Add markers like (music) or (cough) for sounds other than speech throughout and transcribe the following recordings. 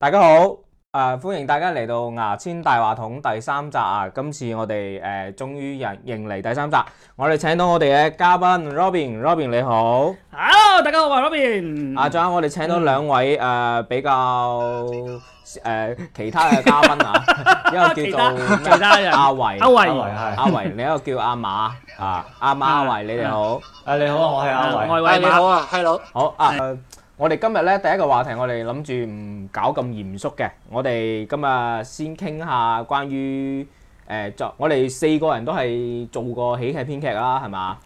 大家好，誒，歡迎大家嚟到牙籤大話筒第三集啊！今次我哋誒終於迎迎嚟第三集，我哋請到我哋嘅嘉賓 Robin，Robin 你好，Hello，大家好啊，Robin。啊，仲有我哋請到兩位誒比較誒其他嘅嘉賓啊，一個叫做阿維，阿維，阿維，你一個叫阿瑪啊，阿瑪阿維，你哋好，誒，你好，我係阿維，你好啊，Hello，好啊。我哋今日咧第一個話題，我哋諗住唔搞咁嚴肅嘅。我哋今日先傾下關於誒作，我哋四個人都係做過喜劇編劇啦，係嘛？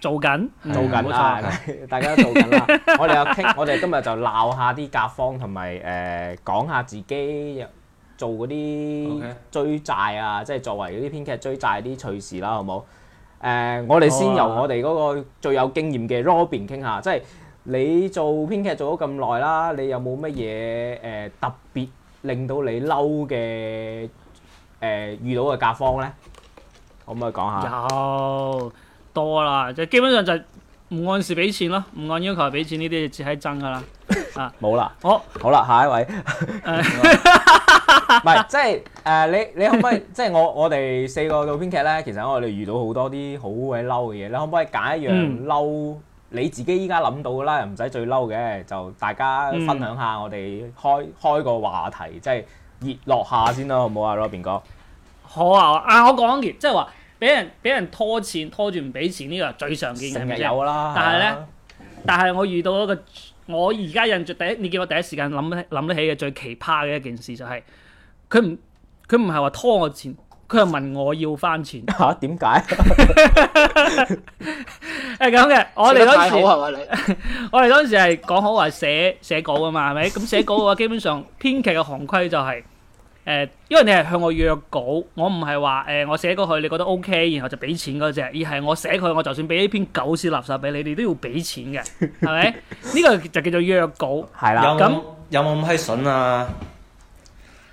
做緊，做緊啊！大家都做緊啦。我哋又傾，我哋今日就鬧下啲甲方同埋誒講下自己做嗰啲追債啊，即係作為嗰啲編劇追債啲趣事啦，好唔好？誒，我哋先由我哋嗰個最有經驗嘅 Robin 傾下，即係。你做編劇做咗咁耐啦，你有冇乜嘢誒特別令到你嬲嘅誒遇到嘅甲方咧？可唔可以講下？有多啦，就基本上就唔按時俾錢咯，唔按要求俾錢呢啲就係喺憎噶啦。啊，冇啦。好，好啦，下一位。唔係，即係誒你你可唔可以即係我我哋四個做編劇咧？其實我哋遇到好多啲好鬼嬲嘅嘢，你可唔可以揀一樣嬲？你自己依家諗到啦，唔使最嬲嘅，就大家分享下我哋開，嗯、開個話題，即係熱落下先啦，好唔好啊，羅便哥？好、就、啊、是，啊我講完，即係話俾人俾人拖錢，拖住唔俾錢呢個係最常見嘅，成日有啦。吧但係咧，啊、但係我遇到一個我而家印象第一，你見我第一時間諗諗得起嘅最奇葩嘅一件事就係佢唔佢唔係話拖我錢。佢又問我要返錢嚇，啊？點解？係咁嘅， (laughs) 我哋嗰時我哋嗰時係講好話寫寫稿啊嘛，係咪？咁寫稿嘅話，基本上編劇嘅行規就係、是、誒、呃，因為你係向我約稿，我唔係話誒我寫咗去寫過去你覺得 O、OK, K，然後就俾錢嗰隻，而係我寫佢，我就算俾一篇狗屎垃圾俾你，你都要俾錢嘅，係咪？呢 (laughs) 個就叫做約稿，係啦、 (laughs) 嗯。咁有冇咁閪筍啊？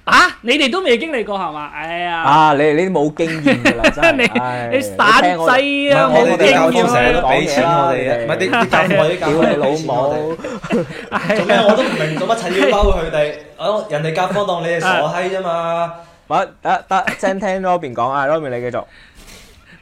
啊！你哋都未經歷過係嘛？哎呀！啊！你你冇經驗噶啦，真係你散細啊！我哋經驗啊！唔係啲啲甲方交嚟，攞錢我哋。做咩我都唔明，做乜陳要包佢哋？哦，人哋甲方當你係傻閪啫嘛。喂，得得，先聽羅賓講啊，羅賓你繼續。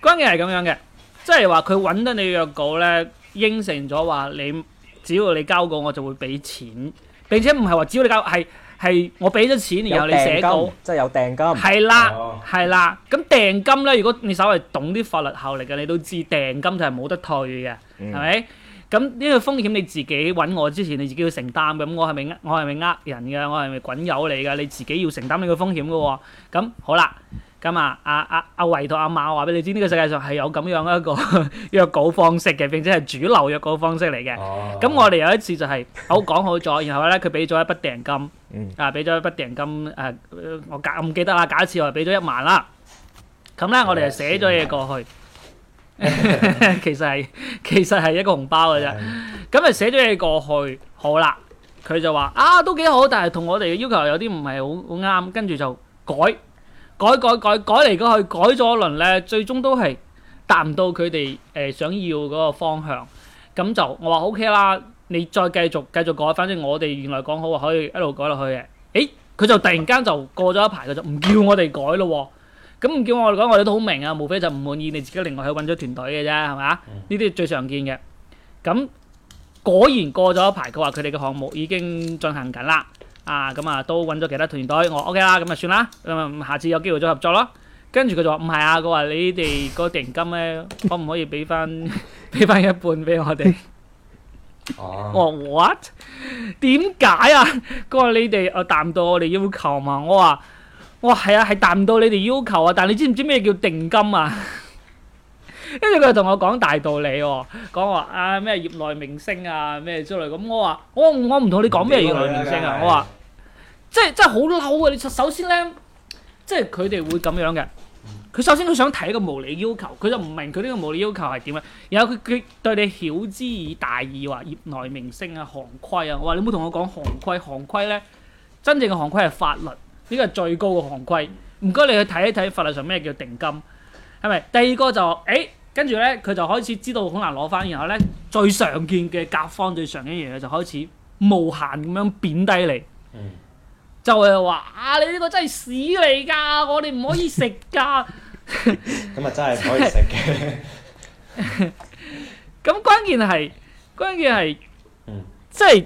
關鍵係咁樣嘅，即係話佢搵得你約稿咧，應承咗話你，只要你交稿我就會俾錢，並且唔係話只要你交係。係我俾咗錢，然後你寫到，即係有訂金。係啦的，係啦、嗯。咁訂金咧，如果你稍微懂啲法律效力嘅，你都知訂金就係冇得退嘅，係咪、嗯？咁呢個風險你自己揾我之前，你自己要承擔嘅。咁我係咪？我係咪呃人嘅？我係咪滾友嚟嘅？你自己要承擔呢個風險嘅喎。咁好啦。咁啊，阿阿阿維同阿瑪話俾你知，呢個世界上係有咁樣一個約稿方式嘅，並且係主流約稿方式嚟嘅。咁我哋有一次就係好講好咗，然後咧佢俾咗一筆訂金，啊俾咗一筆訂金誒，我假唔記得啦，假設我係俾咗一萬啦。咁咧，我哋就寫咗嘢過去。其實係其實係一個紅包嘅啫。咁啊，寫咗嘢過去，好啦，佢就話啊，都幾好，但係同我哋嘅要求有啲唔係好好啱，跟住就改。改改改，改嚟改去，改咗一輪咧，最終都係達唔到佢哋誒想要嗰個方向，咁就我話 OK 啦，你再繼續繼續改，反正我哋原來講好話可以一路改落去嘅。誒，佢就突然間就過咗一排，佢就唔叫我哋改咯喎，咁唔叫我哋改，我哋都好明啊，無非就唔滿意你自己另外去揾咗團隊嘅啫，係咪？呢啲係最常見嘅。咁果然過咗一排，佢話佢哋嘅項目已經進行緊啦。啊，咁啊都揾咗其他團隊，我 OK 啦，咁啊算啦，咁啊下次有機會再合作咯。跟住佢就話唔係啊，佢話你哋個定金咧，可唔可以俾翻俾翻一半俾我哋？哦，我話 what？點解啊？佢話你哋啊達唔到我哋要求嘛？我話哇係啊，係達唔到你哋要求啊，但係你知唔知咩叫定金啊？跟住佢又同我講大道理喎，講話啊咩業內明星啊咩之類咁，我話我我唔同你講咩業內明星啊，我話。即係真係好嬲啊！你首先咧，即係佢哋會咁樣嘅。佢首先佢想提一個無理要求，佢就唔明佢呢個無理要求係點嘅。然後佢佢對你曉之以大義話業內明星啊行規啊，我話你冇同我講行規行規咧，真正嘅行規係法律，呢個係最高嘅行規。唔該你去睇一睇法律上咩叫定金，係咪？第二個就誒，跟住咧佢就開始知道好難攞翻，然後咧最常見嘅甲方最常見嘅嘢，就開始無限咁樣貶低你。嗯就係話啊！你呢個真係屎嚟㗎，我哋唔可以食㗎。咁啊，真係唔可以食嘅。咁關鍵係，關鍵係，嗯、即係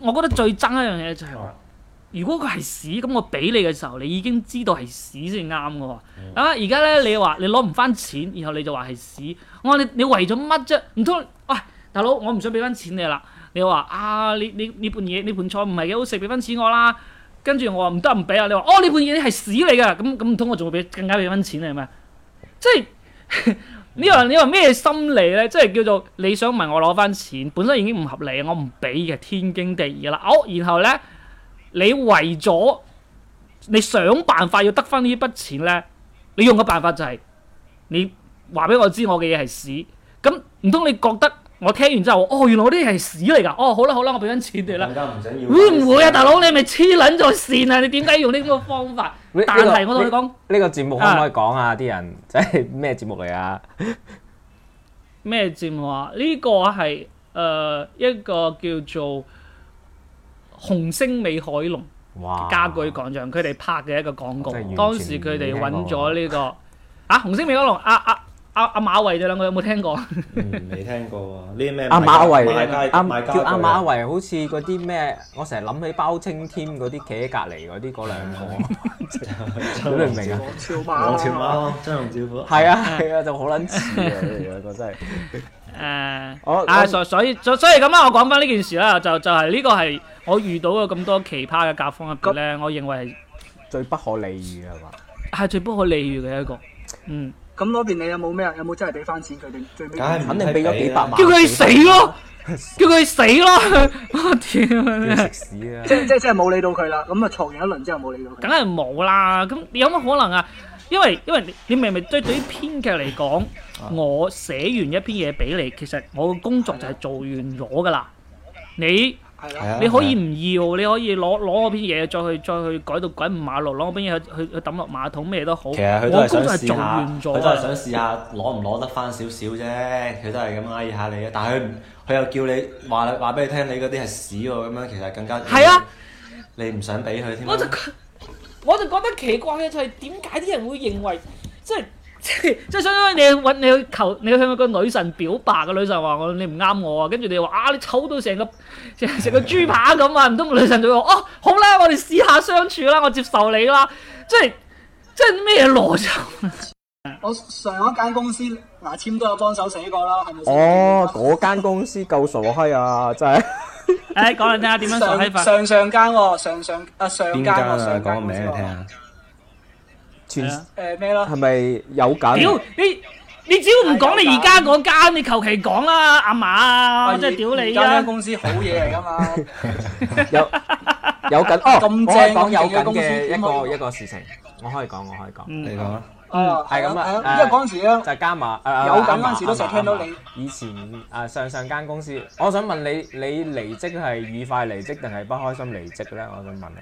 我覺得最憎一樣嘢就係、話，如果佢係屎咁，我俾你嘅時候，你已經知道係屎先啱㗎喎。嗯、啊，而家咧，你話你攞唔翻錢，然後你就話係屎。我話你，你為咗乜啫？唔通，喂、啊，大佬，我唔想俾翻錢你啦。你話啊，呢呢呢盤嘢呢盤菜唔係幾好食，俾翻錢我啦。跟住我話唔得唔俾啊！你話哦，呢盤嘢係屎嚟噶，咁咁唔通我仲會俾更加俾翻錢你咩？即係 (laughs) 你話你話咩心理咧？即係叫做你想問我攞翻錢，本身已經唔合理，我唔俾嘅天經地義啦。哦，然後咧，你為咗你想辦法要得翻呢一筆錢咧，你用嘅辦法就係、是、你話俾我知我嘅嘢係屎，咁唔通你覺得？我聽完之後，哦，原來我啲係屎嚟㗎！哦，好啦好啦，我俾返錢你啦。更加唔想要。會唔會啊，大佬？你係咪黐撚咗線啊！你點解用呢個方法？ (laughs) (laughs) 但係我同你講。呢、這個節、這個這個、目可唔可以講啊？啲人即係咩節目嚟啊？咩節目啊？呢、這個係誒、呃、一個叫做紅星美凱龍家具廣場，佢哋哇拍嘅一個廣告。當時佢哋揾咗呢個啊，紅星美凱龍啊啊！啊啊阿阿馬維你兩個有冇聽過？未聽過喎，呢啲咩？阿馬維，叫阿馬維，好似嗰啲咩？我成日諗起包青天嗰啲，企喺隔離嗰啲，嗰兩個，你明唔明啊？王朝馬漢，張龍趙虎，係啊係啊，就好撚似嘅，我真係。誒，我啊，所所以所以咁啦，我講翻呢件事啦，就就係呢個係我遇到嘅咁多奇葩嘅甲方入邊咧，我認為係最不可理喻係嘛？係最不可理喻嘅一個，嗯。咁嗰邊你有冇咩啊？有冇真係俾翻錢佢哋？最尾梗係肯定俾咗幾百萬，叫佢死咯！叫佢 (laughs) 死咯！我屌！即係即係即係冇理到佢啦！咁啊，嘈完一輪之後冇理到佢，梗係冇啦！咁有乜可能啊？因為因為你你明明對對於編劇嚟講，啊、我寫完一篇嘢俾你，其實我嘅工作就係做完咗噶啦。啊、你係咯，啊、你可以唔要，啊、你可以攞攞嗰啲嘢再去再去改到鬼五馬路，攞我啲嘢去去抌落馬桶，咩都好。其實佢都係做試下，我都係想試下攞唔攞得翻少少啫，佢都係咁嗌下你嘅。但係佢佢又叫你話話俾你聽，你嗰啲係屎喎，咁樣其實更加。係啊，你唔想俾佢添？我就我就覺得奇怪嘅就係點解啲人會認為即係。就是即即相當於你揾你去求你去向一個女神表白嘅，女神話我你唔啱我啊，跟住你話啊你醜到成個成成個豬扒咁啊，唔通女神就話哦好啦，我哋試下相處啦，我接受你啦，即即咩邏輯？我上一間公司牙籤都有幫手寫過啦，係咪哦，嗰 (laughs) 間公司夠傻閪啊，真係！誒，講嚟聽下點樣上上間喎、哦，上上啊上間喎。邊、啊、間啊？講名嚟聽。 (laughs) (laughs) 全誒咩咯？係咪有緊？屌你！你只要唔講你而家嗰間，你求其講啦，阿瑪啊，真係屌你啊！加咩公司好嘢嚟㗎嘛？有有緊哦！我係講有緊嘅一個一個事情，我可以講，我可以講，你講啊！嗯，係咁啦，因為嗰陣時咧，就加碼誒有緊嗰陣時都成日聽到你以前誒上上間公司。我想問你，你離職係愉快離職定係不開心離職咧？我想問你！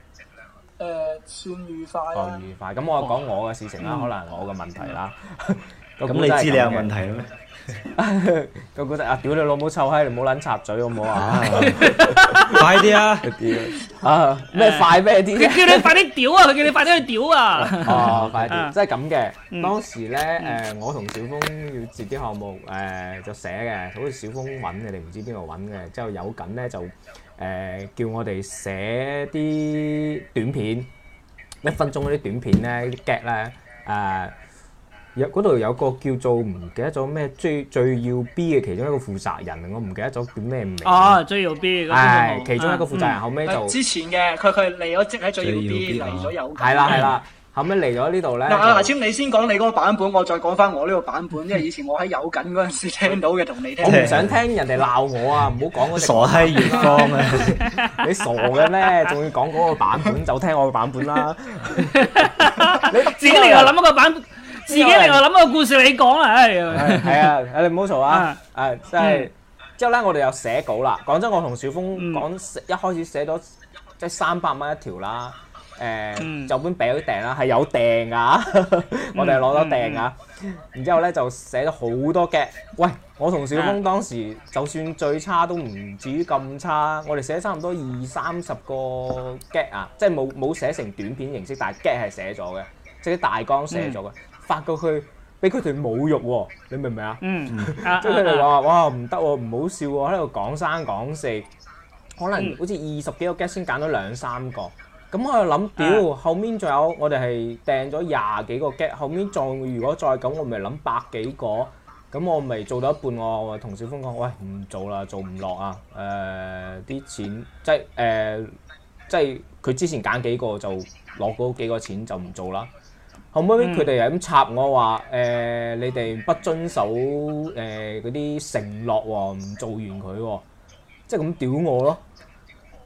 誒，算愉快啦、哦。愉快，咁我講我嘅事情啦，哦、可能我嘅問題啦。咁 (laughs) 你知你有問題啦咩？ (laughs) 個股得啊，屌你老母臭閪，你唔好撚插嘴好唔好啊？ (laughs) 快啲啊！屌 (laughs) 啊！咩快咩啲？佢叫你快啲屌啊！佢叫你快啲去屌 (laughs) (laughs) 啊！哦，快啲， (laughs) 嗯，即係咁嘅。當時咧，誒、呃，我同小峰要接啲項目，誒、呃，就寫嘅，好似小峰搵嘅，你唔知邊度搵嘅，之後有緊咧就。就誒、呃、叫我哋寫啲短片，一分鐘嗰啲短片咧，啲 gag 咧，誒、呃，若嗰度有個叫做唔記得咗咩最最要 B 嘅其中一個負責人，我唔記得咗叫咩名？哦、啊，最要 B 嗰、哎、好其中一個負責人、啊嗯、後尾就、嗯。之前嘅，佢佢離咗職喺最要 B，嚟咗右眼。係啦、哦，係啦。 (laughs) 咁樣嚟咗呢度咧，阿阿簽，你先講你嗰個版本，我再講翻我呢個版本，因為以前我喺有緊嗰陣時聽到嘅，同你聽。我唔想聽人哋鬧我啊！唔好講嗰啲傻閪粵芳，啊！ (laughs) 你傻嘅咩？仲要講嗰個版本，就聽我，版 (laughs) (laughs) 你我個版本啦。你為自己另外諗一個版，自己另外諗一個故事你講啊，唉，係啊，你唔好嘈啊，誒 (laughs) 真係之後咧，我哋又寫稿啦。講真，我同小峰講一開始寫咗即係三百蚊一條啦。誒、呃嗯、就搬表訂啦，係有訂㗎， (laughs) 我哋係攞到訂㗎。嗯嗯、然之後咧就寫咗好多 gag。喂，我同小峰當時就算最差都唔至於咁差，我哋寫差唔多二三十個 gag 啊，即係冇冇寫成短片形式，但係 gag 係寫咗嘅，即係大綱寫咗嘅，嗯、發過去俾佢哋侮辱喎、哦。你明唔明？嗯 (laughs) 嗯、啊？嗯、啊，即係佢哋話：哇，唔得喎，唔好笑喎，喺度講三講四，可能好似二十幾個 gag 先揀到兩三個。咁我又諗屌，後面仲有我哋係掟咗廿幾個 gag，後面再如果再咁，我咪諗百幾個，咁我咪做到一半我同小峰講：喂，唔做啦，做唔落啊！誒啲錢即係誒即係佢之前揀幾個就攞嗰幾個錢就唔做啦。後尾佢哋又咁插我話：誒你哋不遵守誒嗰啲承諾，話唔做完佢，即係咁屌我咯！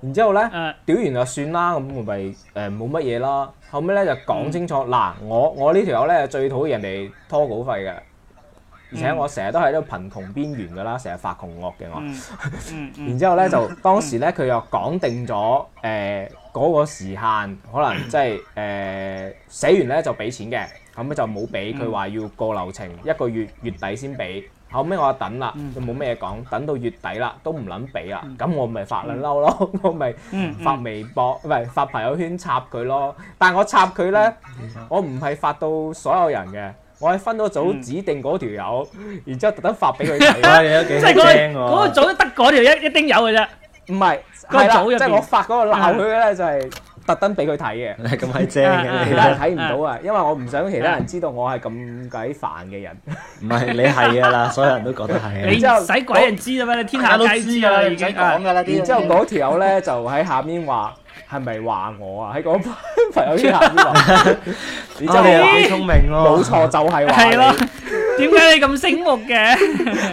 然之後咧，屌、uh，完就算啦，咁咪誒冇乜嘢啦。後尾咧就講清楚，嗱、嗯、我我呢條友咧最討厭人哋拖稿費嘅，而且我成日都喺度貧窮邊緣噶啦，成日發窮惡嘅我。嗯、 (laughs) 然之後咧就當時咧佢又講定咗誒嗰個時限，可能即係誒寫完咧就俾錢嘅，咁就冇俾，佢話、嗯、要過流程，一個月月底先俾。後尾我就等啦，就冇咩講，等到月底啦，都唔撚俾啦，咁我咪發兩嬲咯，嗯、 (laughs) 我咪發微博，唔係發朋友圈插佢咯。但係我插佢咧，嗯、我唔係發到所有人嘅，我係分咗組指定嗰條友，嗯、然之後特登發俾佢睇啦。即係嗰嗰組都得嗰條一一丁友嘅啫，唔係佢組即係、就係、我發嗰個鬧佢咧，就係、嗯。特登俾佢睇嘅，咁鬼正嘅睇唔到啊！因為我唔想其他人知道我係咁鬼煩嘅人。唔係你係啊啦，所有人都覺得係。你之後使鬼人知啊？咩？天下都知啊！唔使。講嘅啦，啲。然之後嗰條友咧就喺下面話：係咪話我啊？喺嗰班朋友之下邊講。你真係好聰明喎！冇錯，就係。係咯？點解你咁醒目嘅？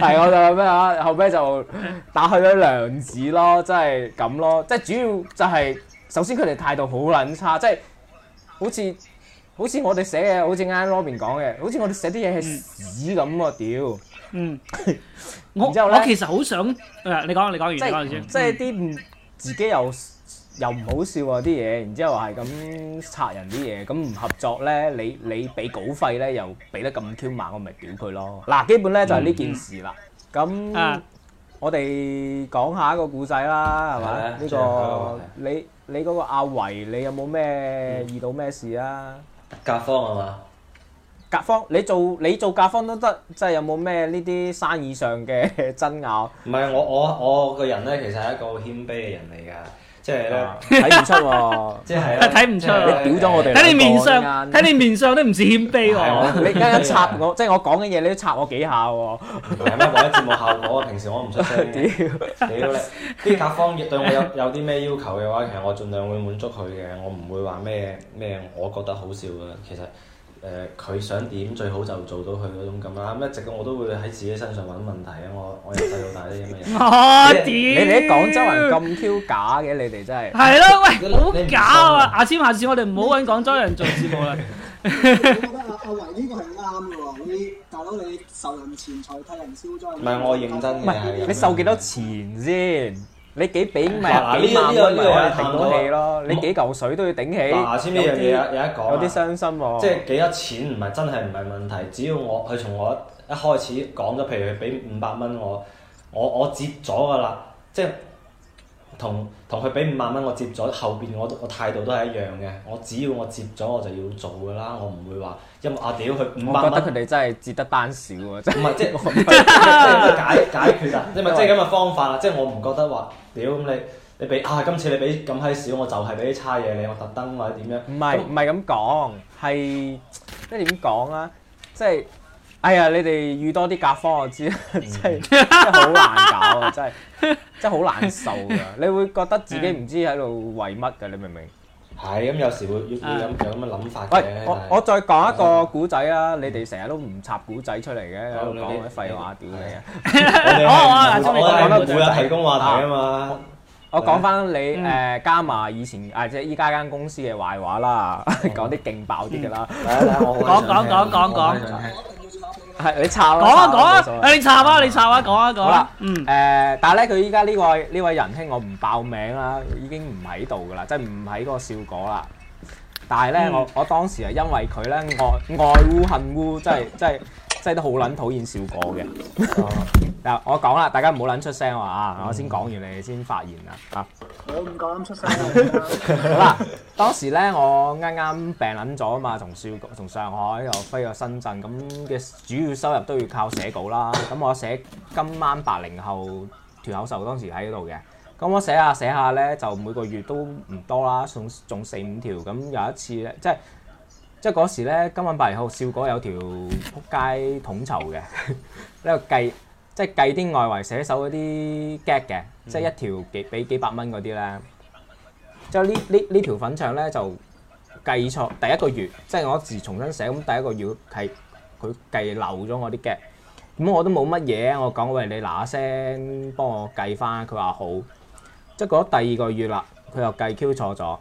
係我就咩啊？後尾就打去佢兩子咯，即係咁咯，即係主要就係。首先佢哋態度好撚差，即係好似好似我哋寫嘅，好似啱啱 Robin 講嘅，好似我哋寫啲嘢係屎咁喎，屌！嗯，我我其實好想誒，你講你講完先，即係啲唔自己又又唔好笑啊啲嘢，然之後係咁拆人啲嘢，咁唔合作咧，你你俾稿費咧又俾得咁 Q 慢，我咪屌佢咯！嗱、啊，基本咧就係呢件事啦。咁、嗯嗯、我哋講下一個故仔啦，係嘛？呢個你。你嗰個阿維，你有冇咩遇到咩事方啊？甲方係嘛？甲方，你做你做甲方都得，即係有冇咩呢啲生意上嘅爭拗？唔係，我我我個人咧，其實係一個好謙卑嘅人嚟㗎。即係睇唔出喎，啊，即係睇唔出。 (laughs) 說你屌咗我哋，睇你面上，睇你面上都唔似謙卑喎。你而家一插我，即係 (laughs) 我講嘅嘢，你都插我幾下喎，啊。唔係 (laughs) 咩，我講緊節目效果啊，平時我唔出聲嘅。屌你，啲甲方亦對我有有啲咩要求嘅話，其實我盡量會滿足佢嘅，我唔會話咩咩，我覺得好笑嘅，其實。誒佢、呃、想點最好就做到佢嗰種咁啦、嗯，一直我都會喺自己身上揾問題 (laughs) 啊！我我由細到大啲咁樣人。我 (laughs) 你哋啲廣州人咁挑假嘅，你哋真係。係咯，喂，好假啊！阿瑪、啊，下次我哋唔好揾廣州人做節目啦。我覺得阿阿維呢個係啱嘅喎？你大佬，你受人錢財替人消災。唔係我認真嘅。唔係，你受幾多錢先？你幾俾咪、啊、幾萬蚊咪頂到起咯？這個這個啊這個、你幾嚿水都要頂起。嗱、啊，先呢樣嘢有有一講，有啲傷心喎、啊。即係幾多錢唔係真係唔係問題，只要我佢從我一開始講咗，譬如佢俾五百蚊我，我我接咗噶啦，即、就、係、是。同同佢俾五萬蚊我接咗，後邊我我態度都係一樣嘅。我只要我接咗我就要做噶啦，我唔會話因為阿、啊、屌佢五萬蚊。我覺得佢哋真係接得單少喎、啊。唔係即係即係即係解解決啊！即係即係咁嘅方法啦！即係我唔覺得話屌咁你你俾啊今次你俾咁閪少，我就係俾啲差嘢你，我特登或者點樣？唔係唔係咁講，係即係點講啊？即係。哎呀，你哋遇多啲甲方我知，真係真係好難搞啊，真係真係好難受噶。你會覺得自己唔知喺度為乜嘅，你明唔明？係咁，有時會會有咁嘅諗法嘅。喂，我我再講一個古仔啦，你哋成日都唔插古仔出嚟嘅，喺度講啲廢話屌你啊！我我我中意講得古仔提供話題啊嘛。我講翻你誒加埋以前啊，即係依家間公司嘅壞話啦，講啲勁爆啲嘅啦，講講講講講。係你插啦，講啊講啊，誒你插啊你插啊，講啊講。好啦，啊，嗯，誒，但係咧，佢依家呢個呢位仁兄我唔爆名啦，已經唔喺度㗎啦，即係唔喺嗰個笑果啦。但係咧，嗯、我我當時係因為佢咧，我愛烏恨烏，真係真係真係都好撚討厭笑果嘅。嗱、 (laughs) 哦，我講啦，大家唔好撚出聲喎啊！我先講完你先發言啊！我唔敢出聲。 (laughs) 嗯、好啦，當時咧我啱啱病撚咗啊嘛，從小從上海又飛到深圳，咁嘅主要收入都要靠寫稿啦。咁我寫今晚八零後脫口秀當時喺度嘅。咁我寫下寫下咧，就每個月都唔多啦，仲仲四五條。咁有一次咧，即係即係嗰時咧，今晚八號笑果有條撲街統籌嘅，呢個計即係計啲外圍寫手嗰啲 get 嘅，嗯、即係一條幾俾幾百蚊嗰啲咧。之後呢呢呢條粉腸咧就計錯，第一個月即係我自重新寫，咁第一個月係佢計,計漏咗我啲 get。咁我都冇乜嘢，我講喂，你嗱嗱聲幫我計翻，佢話好。即係過咗第二個月啦，佢又計 Q 錯咗，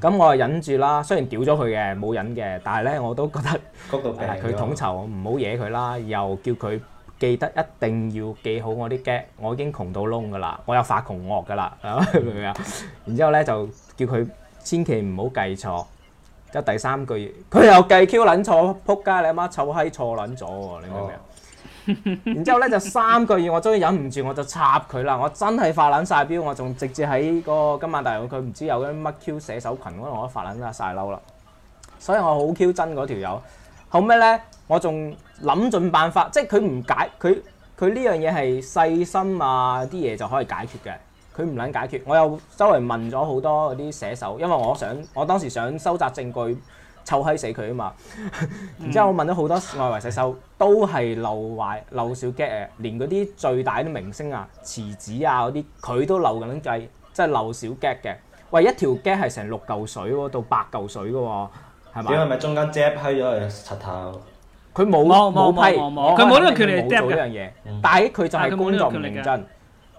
咁我係忍住啦。雖然屌咗佢嘅，冇忍嘅，但係咧我都覺得係佢、啊、統籌，唔好惹佢啦。又叫佢記得一定要記好我啲 get，我已經窮到窿㗎啦，我又發窮惡㗎啦、啊，明唔明啊？然之後咧就叫佢千祈唔好計錯。即第三個月，佢又計 Q 撚錯，仆街！你阿媽臭閪錯撚咗，你明唔明啊？ (laughs) 然之後咧就三個月我終於忍唔住，我就插佢啦！我真係發捻晒飆，我仲直接喺個今晚大佢唔知有啲乜 Q 寫手群度，我發捻晒嬲啦！所以我好 Q 真嗰條友。後尾咧，我仲諗盡辦法，即係佢唔解，佢佢呢樣嘢係細心啊啲嘢就可以解決嘅，佢唔捻解決。我又周圍問咗好多啲寫手，因為我想我當時想收集證據。臭閪死佢啊嘛！然之後我問咗好多外圍洗手，都係漏壞漏小 gap，連嗰啲最大啲明星啊、池子啊嗰啲，佢都漏緊 gap，即係漏小 gap 嘅。喂，一條 gap 係成六嚿水到八嚿水嘅，係嘛？點係咪中間遮批咗嚟柒頭？佢冇冇批，佢冇呢個權利。冇做呢樣嘢，但係佢就係工作唔認真，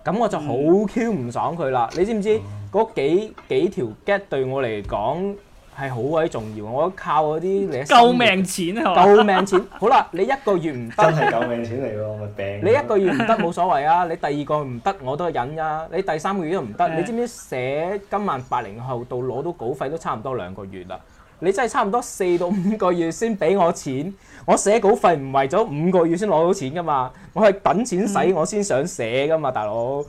咁我就好 Q 唔爽佢啦。你知唔知嗰幾幾條 gap 對我嚟講？係好鬼重要，我靠嗰啲嚟救命錢啊！救命錢，好啦，你一個月唔得真係救命錢嚟喎， (laughs) 你一個月唔得冇所謂啊，你第二個唔得我都忍啊，你第三個月都唔得，欸、你知唔知寫今晚八零後到攞到稿費都差唔多兩個月啦？你真係差唔多四到五個月先俾我錢，我寫稿費唔為咗五個月先攞到錢噶嘛，我係等錢使、嗯、我先想寫噶嘛，大佬。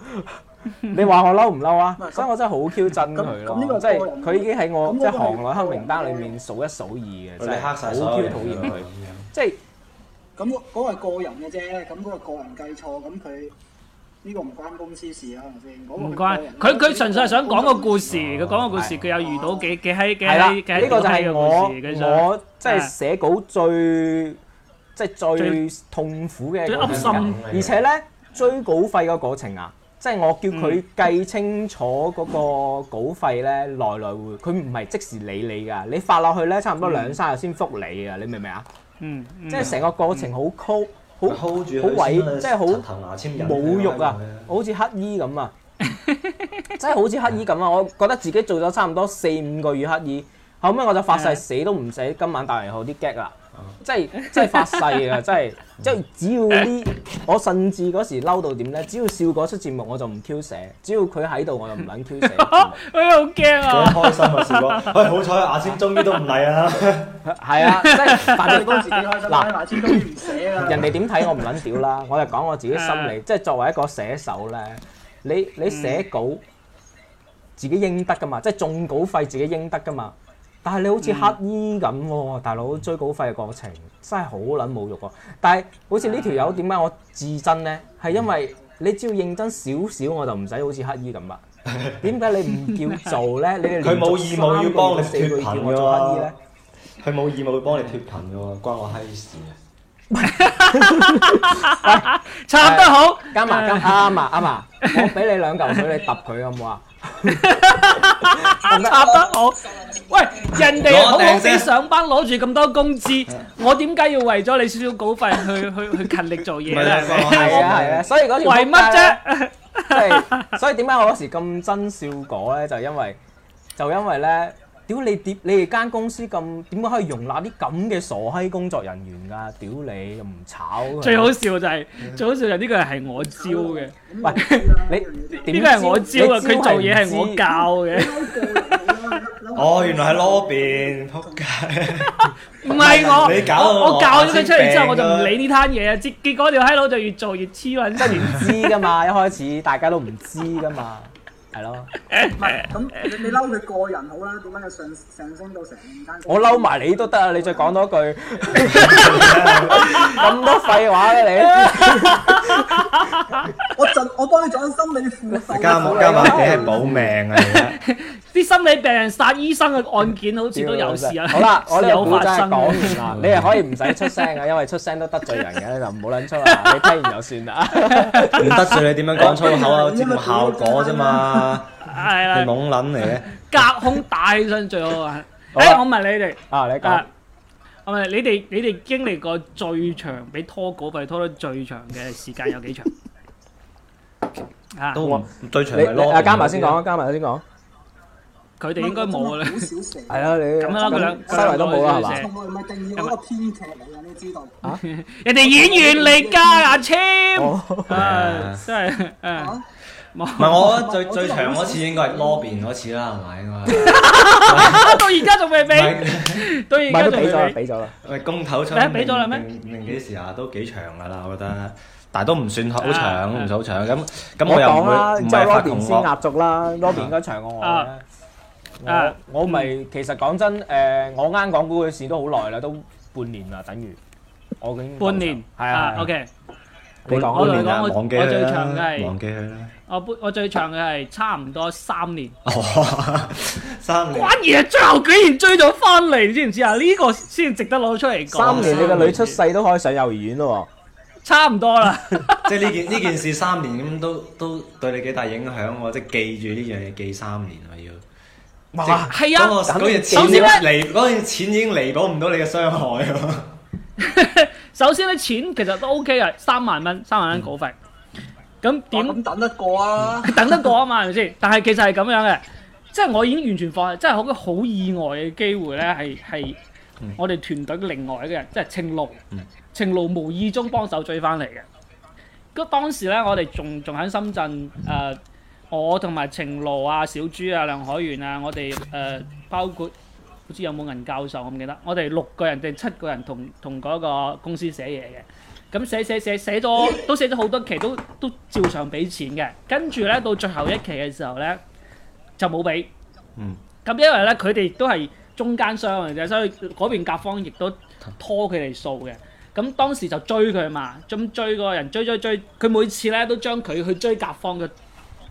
你話我嬲唔嬲啊？所以我真係好 Q 憎佢咯，即係佢已經喺我即係行內黑名單裡面數一數二嘅，即係好 Q 討厭佢。即係咁講係個人嘅啫，咁嗰個個人計錯，咁佢呢個唔關公司事啊，係咪先？唔關。佢佢純粹係想講個故事，佢講個故事，佢有遇到幾幾閪幾閪幾閪閪嘅故事。呢個就係我我即係寫稿最即係最痛苦嘅，而且咧追稿費個過程啊！即係我叫佢計清楚嗰個稿費咧，來來回佢唔係即時理你㗎，你發落去咧，差唔多兩三日先覆你啊！你明唔明啊？嗯，即係成個過程好酷，好好偉，即係好侮辱啊， (laughs) 好似乞衣咁啊，真係好似乞衣咁啊！我覺得自己做咗差唔多四五個月乞衣，後尾我就發誓死都唔死，今晚大雷號啲 get 啦。即係即係發誓啊！即係即係只要呢，我甚至嗰時嬲到點咧？只要笑果出節目，我就唔挑寫；只要佢喺度，我就唔捻挑寫。哎呀、 (laughs) 嗯，好驚啊！幾開心啊，哎、笑果！喂，好彩阿超終於都唔嚟啦。係啊，即係反正都自己開心，嗱，阿超終於唔寫啦。人哋點睇我唔捻屌啦？ (laughs) 我就講我自己心理， (laughs) 即係作為一個寫手咧，你你寫稿自己應得噶嘛？即係中稿費自己應得噶嘛？但係你好似乞衣咁喎，哦，大佬追稿費嘅過程真係好撚侮辱喎。但係好似呢條友點解我至憎咧？係因為你只要認真少少，我就唔使好似乞衣咁啊。點解你唔叫做咧？你哋佢冇義務要幫你脫貧㗎喎。佢冇義務會幫你脫貧㗎喎，關我閪事啊！差唔多好，夾埋，夾埋，夾埋，我俾你兩嚿水，你揼佢好冇啊？唔插得好，喂，人哋好老實上班攞住咁多工資，我點解要為咗你少少稿費去去去勤力做嘢咧？係啊係啊，所以嗰條為乜啫？所以點解我嗰時咁真笑果咧？就因為就因為咧。屌你點？你哋間公司咁點解可以容納啲咁嘅傻閪工作人員㗎？屌你又唔炒！最好笑就係最好笑就係呢個係我招嘅。喂，你呢個係我招嘅，佢做嘢係我教嘅。 (laughs) 哦，原來係 Robin 仆街。唔係我， (laughs) 你搞我。我教咗佢出嚟之後，我，啊、我就唔理呢攤嘢啊。結結果條閪佬就越做越黐撚線。 (laughs) 知噶嘛，一開始大家都唔知噶嘛。係 (noise) 咯，唔係咁你你嬲佢個人好啦，點解佢上上升到成間？我嬲埋你都得 (laughs) 啊！你再講多句，咁多廢話嘅你，我盡我幫你做下心理輔導，加埋加埋，你係保命啊！啲心理病人殺醫生嘅案件好似都有事啦。好啦，我哋股真係講完啦，你係可以唔使出聲嘅，因為出聲都得罪人嘅，就唔好撚出啦。你聽完就算啦。唔得罪你點樣講粗口啊？節目效果啫嘛。係啦，你懵撚嚟嘅。隔空打起身最好啊！誒，我問你哋啊，你講。我問你哋，你哋經歷過最長俾拖稿費拖得最長嘅時間有幾長？啊，都唔最長咪攞加埋先講，加埋先講。佢哋應該冇啦，係啊，你咁啦，佢兩三圍都冇啦，係嘛？唔係定義嗰個編劇，我哋都知道。嚇！人哋演員嚟㗎阿超，係真係誒。唔係我覺得最最長嗰次應該係 Robin 嗰次啦，係咪？應該到而家仲未俾？到而家仲未俾咗啦。喂，工頭出嚟，俾咗啦咩？零幾時啊？都幾長㗎啦，我覺得，但係都唔算好長，唔算好長咁。我講啦，唔係 Robin 先壓軸啦，Robin 應該長過我。我我咪其實講真，誒，我啱講嗰件事都好耐啦，都半年啦，等於我已經半年係啊，OK。你來講我我最長嘅係忘記佢啦。我我最長嘅係差唔多三年。三年關爺，最後居然追咗翻嚟，你知唔知啊？呢個先值得攞出嚟講。三年你個女出世都可以上幼兒園咯。差唔多啦。即係呢件呢件事三年咁都都對你幾大影響，我即係記住呢樣嘢記三年啊要。係啊，首先嗰樣錢已經離，嗰樣錢已經彌補唔到你嘅傷害。首先咧，錢其實都 O K 啊，三萬蚊，三萬蚊稿費。咁點？等得過啊！等得過啊嘛，係咪先？但係其實係咁樣嘅，即係我已經完全放棄，即係好好意外嘅機會咧，係係我哋團隊另外一個人，即係程璐。程璐無意中幫手追翻嚟嘅。嗰當時咧，我哋仲仲喺深圳誒，我同埋程璐啊、小朱啊、梁海源啊，我哋誒、呃、包括好似有冇銀教授，我唔記得。我哋六個人定七個人同同嗰個公司寫嘢嘅。咁寫寫寫寫咗，都寫咗好多期，都都照常俾錢嘅。跟住咧，到最後一期嘅時候咧，就冇俾。嗯。咁因為咧，佢哋都係中間商嚟嘅，所以嗰邊甲方亦都拖佢哋數嘅。咁當時就追佢嘛，咁追嗰個人追追追，佢每次咧都將佢去追甲方嘅。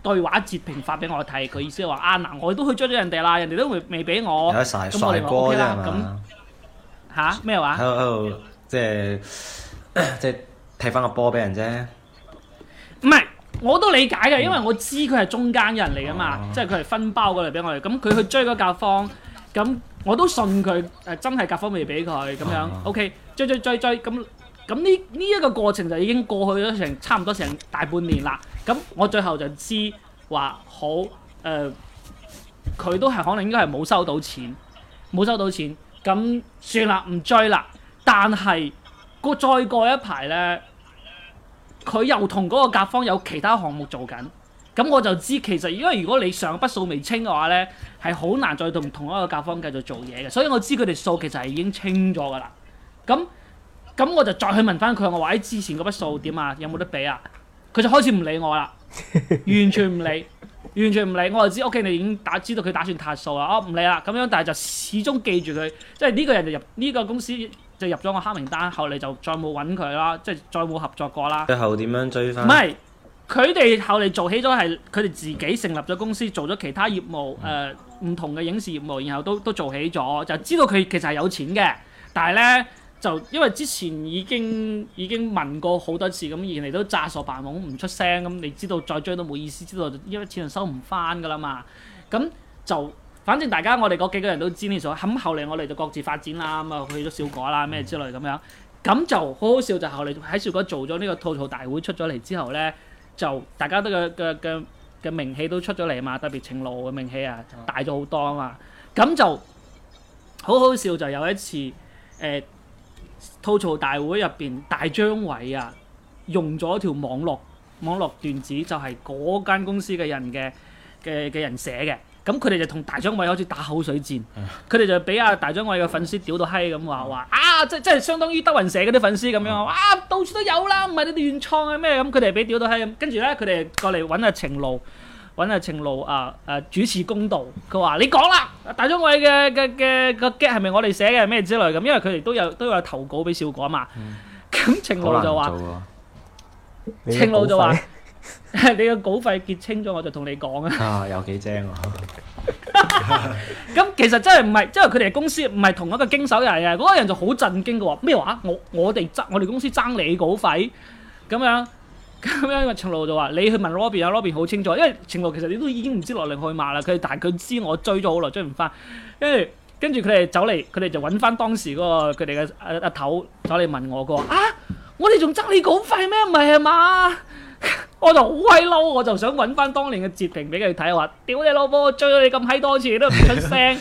對話截屏發俾我睇，佢意思係話：啊，嗱、呃，我都去追咗人哋啦，人哋都未未俾我，咁我哋 OK 啦，咁吓？咩、嗯、話？即係即係踢翻個波俾人啫。唔係，我都理解嘅，因為我知佢係中間人嚟㗎嘛，啊即係佢係分包過嚟俾我哋。咁佢去追嗰個甲方，咁我都信佢誒真係甲方未俾佢咁樣、啊、OK 追。追追追追，咁咁呢呢一個過程就已經過去咗成差唔多成大半年啦。咁我最後就知話好誒，佢、呃、都係可能應該係冇收到錢，冇收到錢，咁算啦，唔追啦。但係過再過一排呢，佢又同嗰個甲方有其他項目做緊，咁我就知其實，因為如果你上筆數未清嘅話呢，係好難再同同一個甲方繼續做嘢嘅，所以我知佢哋數其實係已經清咗噶啦。咁咁我就再去問翻佢，我話：之前嗰筆數點啊？有冇得俾啊？佢就開始唔理我啦，完全唔理， (laughs) 完全唔理。我就知屋企人已經打知道佢打算踏數啦，哦，唔理啦咁樣，但係就始終記住佢，即係呢個人就入呢、這個公司就入咗我黑名單，後嚟就再冇揾佢啦，即係再冇合作過啦。最後點樣追翻？唔係佢哋後嚟做起咗係佢哋自己成立咗公司做咗其他業務，誒、呃、唔同嘅影視業務，然後都都做起咗，就知道佢其實係有錢嘅，但係呢。就因為之前已經已經問過好多次咁，而嚟都詐傻扮懵唔出聲咁，你知道再追都冇意思，知道就因為錢又收唔翻噶啦嘛，咁就反正大家我哋嗰幾個人都知你所咁，後嚟我哋就各自發展啦，咁啊去咗笑果啦咩之類咁樣，咁就好好笑，就後嚟喺笑果做咗呢個吐槽大會出咗嚟之後咧，就大家都嘅嘅嘅嘅名氣都出咗嚟嘛，特別程璐嘅名氣啊大咗好多啊嘛，咁就好好笑，就有一次誒。呃吐槽大會入邊，大張偉啊，用咗條網絡網絡段子，就係嗰間公司嘅人嘅嘅嘅人寫嘅。咁佢哋就同大張偉好似打口水戰，佢哋、嗯、就俾啊大張偉嘅粉絲屌到閪咁話話啊，即即係相當於德雲社嗰啲粉絲咁樣啊，到處都有啦，唔係你哋原創啊咩咁，佢哋俾屌到閪，跟住咧佢哋過嚟揾下程璐，揾阿程璐啊啊主持公道，佢話你講啦，大中藝嘅嘅嘅嘅劇係咪我哋寫嘅咩之類咁，因為佢哋都有都有投稿俾笑果嘛。咁、嗯、程璐就話，程璐就話，你嘅稿， (laughs) 稿費結清咗我就同你講啊。有幾正啊！咁 (laughs) (laughs) 其實真係唔係，即係佢哋公司唔係同一個經手人啊。嗰個人就好震驚，佢話咩話？我我哋我哋公司爭你稿費咁樣。咁樣，因為、 (laughs) 嗯、程露就話：你去問 Robin 啊，Robin 好清楚。因為程露其實你都已經唔知來龍去脈啦。佢但係佢知我追咗好耐，追唔翻。跟住跟住佢哋走嚟，佢哋就揾翻當時嗰、那個佢哋嘅阿阿頭走嚟問我個啊，我哋仲爭你稿費咩？唔係嘛？我就好威嬲，我就想揾翻當年嘅截屏俾佢睇，話：屌你老母，追咗你咁閪多次都唔出聲。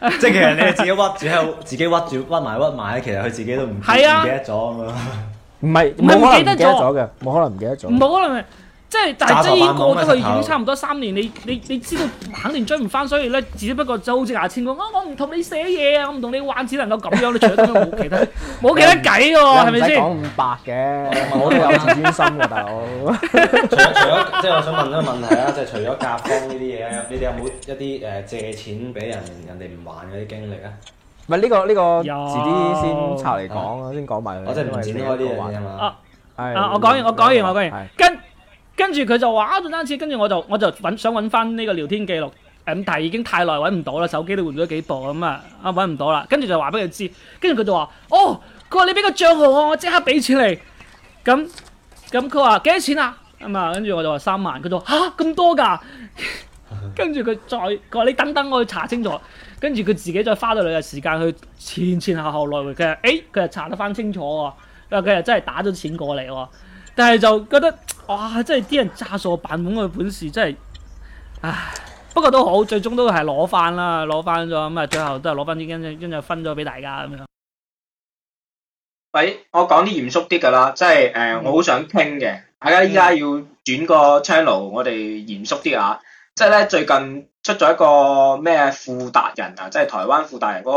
(laughs) (laughs) 即係其實你自己屈，只係 (laughs) 自己屈住屈埋屈埋，其實佢自己都唔 (laughs) 啊，記得咗啊嘛。唔係，唔可能唔記得咗嘅，冇可能唔記得咗。冇可能，即係但係追已經過咗去，已經差唔多三年，你你你知道肯定追唔翻，所以咧只不過收隻牙籤講，我我唔同你寫嘢啊，我唔同你玩，只能夠咁樣，你除咗冇其他冇其他計喎，係咪先？講白嘅，我都有自尊心嘅大佬。除咗除咗，即係我想問一個問題啊，即係除咗甲方呢啲嘢咧，你哋有冇一啲誒借錢俾人，人哋唔還嗰啲經歷啊？唔係呢個呢、這個遲啲、這個、有先拆嚟講，是先講埋是我真係唔係錢開啲嘅嘛。啊，啊我講完我講完我講完。跟跟住佢就話啊做單次，跟住我就我就想揾翻呢個聊天記錄，咁、嗯、但係已經太耐揾唔到啦，手機都換咗幾部咁啊，啊揾唔到啦。跟住就話俾佢知，跟住佢就話哦，佢話你俾個帳號我、啊，我即刻俾錢你。咁咁佢話幾多錢啊？咁啊跟住我就話三萬，佢就話嚇咁、啊、多㗎。 (laughs) 跟住佢再佢話你等等我去查清楚。跟住佢自己再花咗兩日時間去前前後後來回，佢話誒，佢、欸、話查得翻清楚喎，佢話佢話真係打咗錢過嚟喎，但係就覺得哇，真係啲人詐傻扮懵嘅本事真係，唉，不過都好，最終都係攞翻啦，攞翻咗，咁啊最後都係攞翻啲，跟住跟住分咗俾大家咁樣。喂、嗯，嗯、我講啲嚴肅啲噶啦，即係誒，呃嗯、我好想傾嘅，大家依家要轉個 channel，我哋嚴肅啲啊，即係咧最近。出咗一個咩富達人啊，即係台灣富達人嗰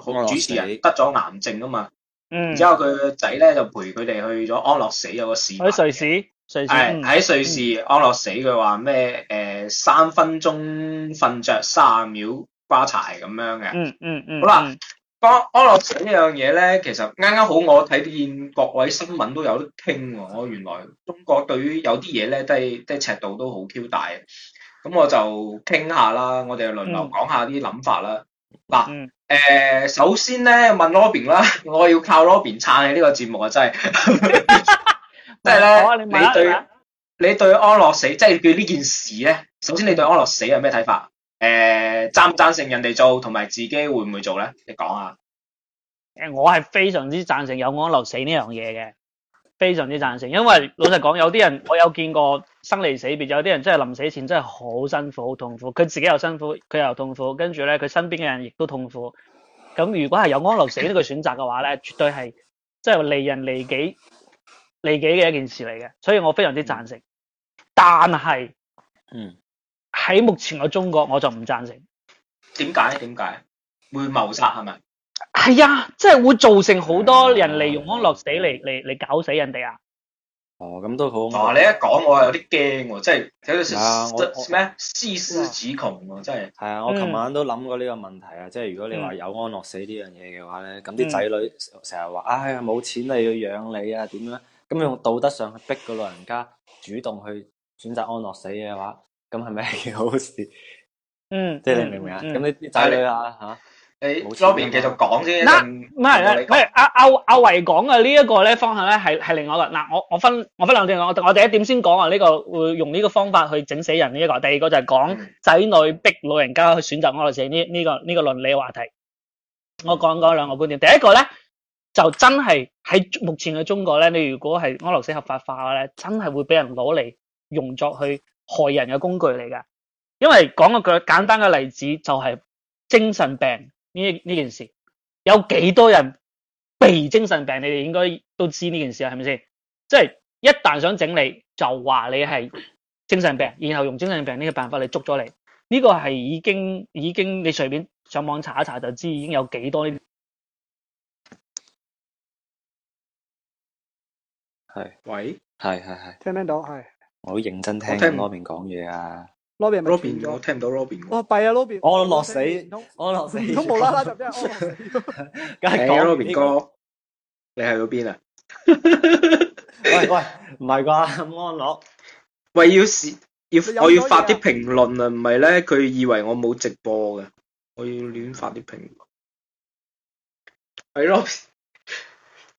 個主持人得咗癌症啊嘛，嗯、然之後佢個仔咧就陪佢哋去咗安樂死有個事。喺瑞士，瑞士喺、嗯、瑞士安樂死，佢話咩誒三分鐘瞓着卅秒瓜柴咁樣嘅、嗯。嗯嗯嗯。好啦，安安樂死呢樣嘢咧，其實啱啱好我睇見各位新聞都有得聽，我原來中國對於有啲嘢咧，都係即係尺度都好 Q 大。咁我就傾下啦，我哋輪流講下啲諗法啦。嗱、嗯，誒、啊呃，首先咧問 Robin 啦，我要靠 Robin 撐嘅呢個節目啊，真係，真係咧，你，你對你對安樂死，即係對呢件事咧，首先你對安樂死有咩睇法？誒、呃，贊唔贊成人哋做，同埋自己會唔會做咧？你講啊！我係非常之贊成有安樂死呢樣嘢嘅。非常之贊成，因為老實講，有啲人我有見過生離死別，有啲人真係臨死前真係好辛苦、好痛苦，佢自己又辛苦，佢又痛苦，跟住咧佢身邊嘅人亦都痛苦。咁如果係有安樂死呢個選擇嘅話咧，絕對係即係利人利己、利己嘅一件事嚟嘅，所以我非常之贊成。但係，嗯，喺目前嘅中國，我就唔贊成。點解？點解？會謀殺係咪？係呀，即係會造成好多人利用安樂死嚟嚟嚟搞死人哋啊！哦，咁都好。哇，你一講我有啲驚喎，即係有少少咩啊，施施之窮喎，即係。係啊，我琴晚都諗過呢個問題啊，即係如果你話有安樂死呢樣嘢嘅話咧，咁啲仔女成日話，哎呀，冇錢你要養你啊，點樣？咁用道德上去逼個老人家主動去選擇安樂死嘅話，咁係咪一件好事？嗯，即係你明唔明啊？咁你啲仔女啊吓？你嗰誒錯邊繼續講先是。嗱，唔係咧，唔係阿阿阿維講嘅呢一個咧方向咧係係另外嘅。嗱，我我分我分兩點我我第一點先講啊、這個，呢個會用呢個方法去整死人呢、這、一個。第二個就係講仔 (noise) 女逼老人家去選擇安樂死呢呢個呢、這個倫理嘅話題。我講講兩個觀點。第一個咧，就真係喺目前嘅中國咧，你如果係安樂死合法化嘅咧，真係會俾人攞嚟用作去害人嘅工具嚟噶。因為講個句簡單嘅例子，就係精神病。呢呢件事有幾多人被精神病？你哋應該都知呢件事啦，係咪先？即係一旦想整你，就話你係精神病，然後用精神病呢個辦法嚟捉咗你。呢個係已經已經，你隨便上網上查一查就知，已經有幾多呢？係喂，係係係，聽唔聽到？係，我好認真聽。我聽外面講嘢啊。羅賓，羅賓我聽唔到羅賓。我閉啊羅賓，我落死，我落死，都無啦啦就咁樣。梗係講羅賓哥，你喺邊啊？喂喂，唔係啩？安樂，喂，要試要，我要發啲評論啊！唔係咧，佢以為我冇直播嘅，我要亂發啲評論。係羅賓，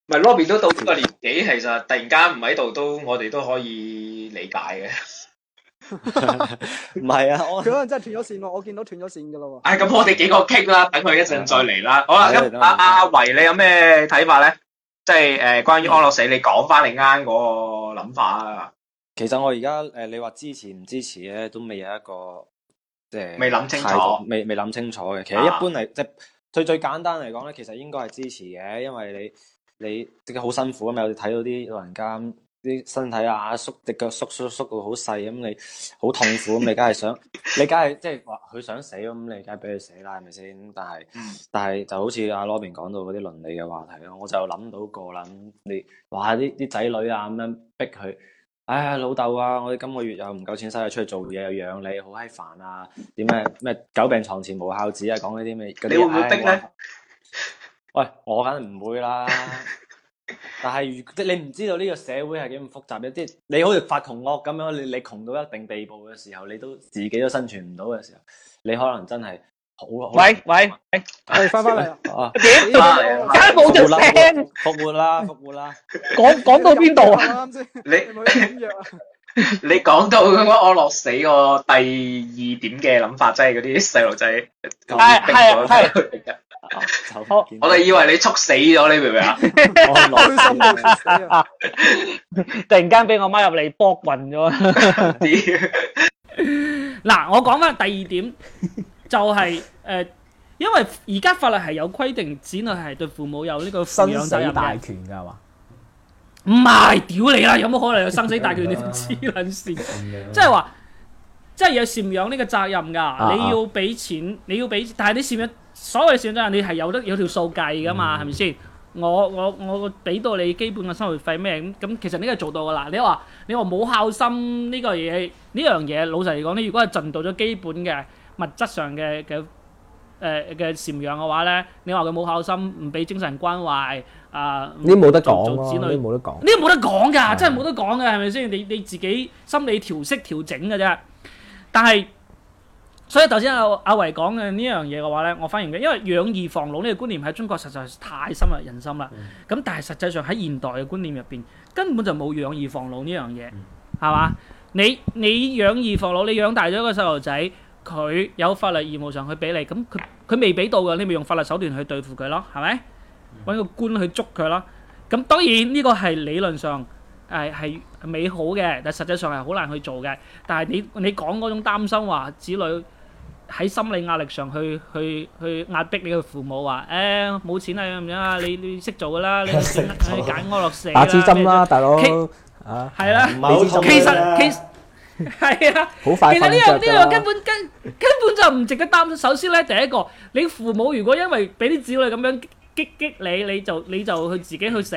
唔係羅賓都到咁嘅年紀，其實突然間唔喺度都，我哋都可以理解嘅。唔 (laughs) 係啊，佢可能真係斷咗線喎，我見到斷咗線噶啦喎。哎，咁我哋幾個傾啦，等佢一陣再嚟啦。 (laughs) 好啦，咁阿阿維，你有咩睇法咧？即係誒，關於安樂死，嗯、你講翻你啱嗰個諗法啊。其實我而家誒，你話支持唔支持咧，都未有一個即係未諗清楚，未未諗清楚嘅。其實一般嚟即係最最簡單嚟講咧，其實應該係支持嘅，因為你你的確好辛苦啊嘛，我哋睇到啲老人家。啲身體啊縮隻腳縮縮縮到好細咁，你好痛苦咁，你梗係想， (laughs) 你梗係即係話佢想死咁，你梗係俾佢死啦，係咪先？但係、嗯、但係就好似阿 Robin 講到嗰啲倫理嘅話題咯，我就諗到個啦。咁你話啲啲仔女啊咁樣逼佢，唉、哎、老豆啊，我哋今個月又唔夠錢使啊，出去做嘢又養你好閪煩啊，點咩咩久病床前無孝子啊，講呢啲咩？你會唔會逼咧、哎？喂，我梗係唔會啦。 (laughs) 但係，即係、就是、你唔知道呢個社會係幾咁複雜咧。即、就、係、是、你好似發窮惡咁樣，你你窮到一定地步嘅時候，你都自己都生存唔到嘅時候，你可能真係好。喂、啊、喂，我哋翻返嚟啊！點、啊？家冇條聲復活啦，復活啦！ (laughs) 講講到邊度啊？你。你 (laughs) 你講到咁，我落死我第二點嘅諗法，即係嗰啲細路仔，係係係。 (laughs) 我哋以為你猝死咗，你明唔明啊？ (laughs) 我 (laughs) 突然間俾我媽入嚟，搏暈咗。嗱， (laughs) (laughs) (laughs) 我講翻第二點，就係、是、誒、呃，因為而家法律係有規定，子女係對父母有呢個生殺大權噶，係嘛？唔係屌你啦！有冇可能有生死大權？你黐卵線！即係話，即係有贍養呢個責任噶，啊啊你要俾錢，你要俾，但係你贍養所謂贍養，你係有得有條數計噶嘛？係咪先？我我我俾到你基本嘅生活費咩咁？咁其實呢個做到噶啦。你話你話冇孝心呢個嘢呢樣嘢，老實嚟講，呢如果係盡到咗基本嘅物質上嘅嘅誒嘅贍養嘅話咧，你話佢冇孝心，唔俾精神關懷。啊！呢冇得講咯，冇得講，呢冇得講㗎，真係冇得講㗎，係咪先？你你自己心理調適調整㗎啫。但係，所以頭先阿阿維講嘅呢樣嘢嘅話咧，我反而嘅，因為養兒防老呢個觀念喺中國實在太深入人心啦。咁、嗯、但係實際上喺現代嘅觀念入邊，根本就冇養兒防老呢樣嘢，係嘛、嗯？你你養兒防老，你養大咗個細路仔，佢有法律義務上去俾你，咁佢佢未俾到嘅，你咪用法律手段去對付佢咯，係咪？揾個官去捉佢啦，咁當然呢個係理論上係係美好嘅，但實際上係好難去做嘅。但係你你講嗰種擔心話，子女喺心理壓力上去去去壓迫你嘅父母話，誒冇錢啊咁樣啊，你你識做㗎啦，你唔識乜，揀安樂死打支針啦，大佬啊，係啦，唔係好痛啦，係啊，好快瞓㗎啦。其實呢個呢個根本根根本就唔值得擔心。首先咧，第一個你父母如果因為俾啲子女咁樣。激激你你就你就去自己去死，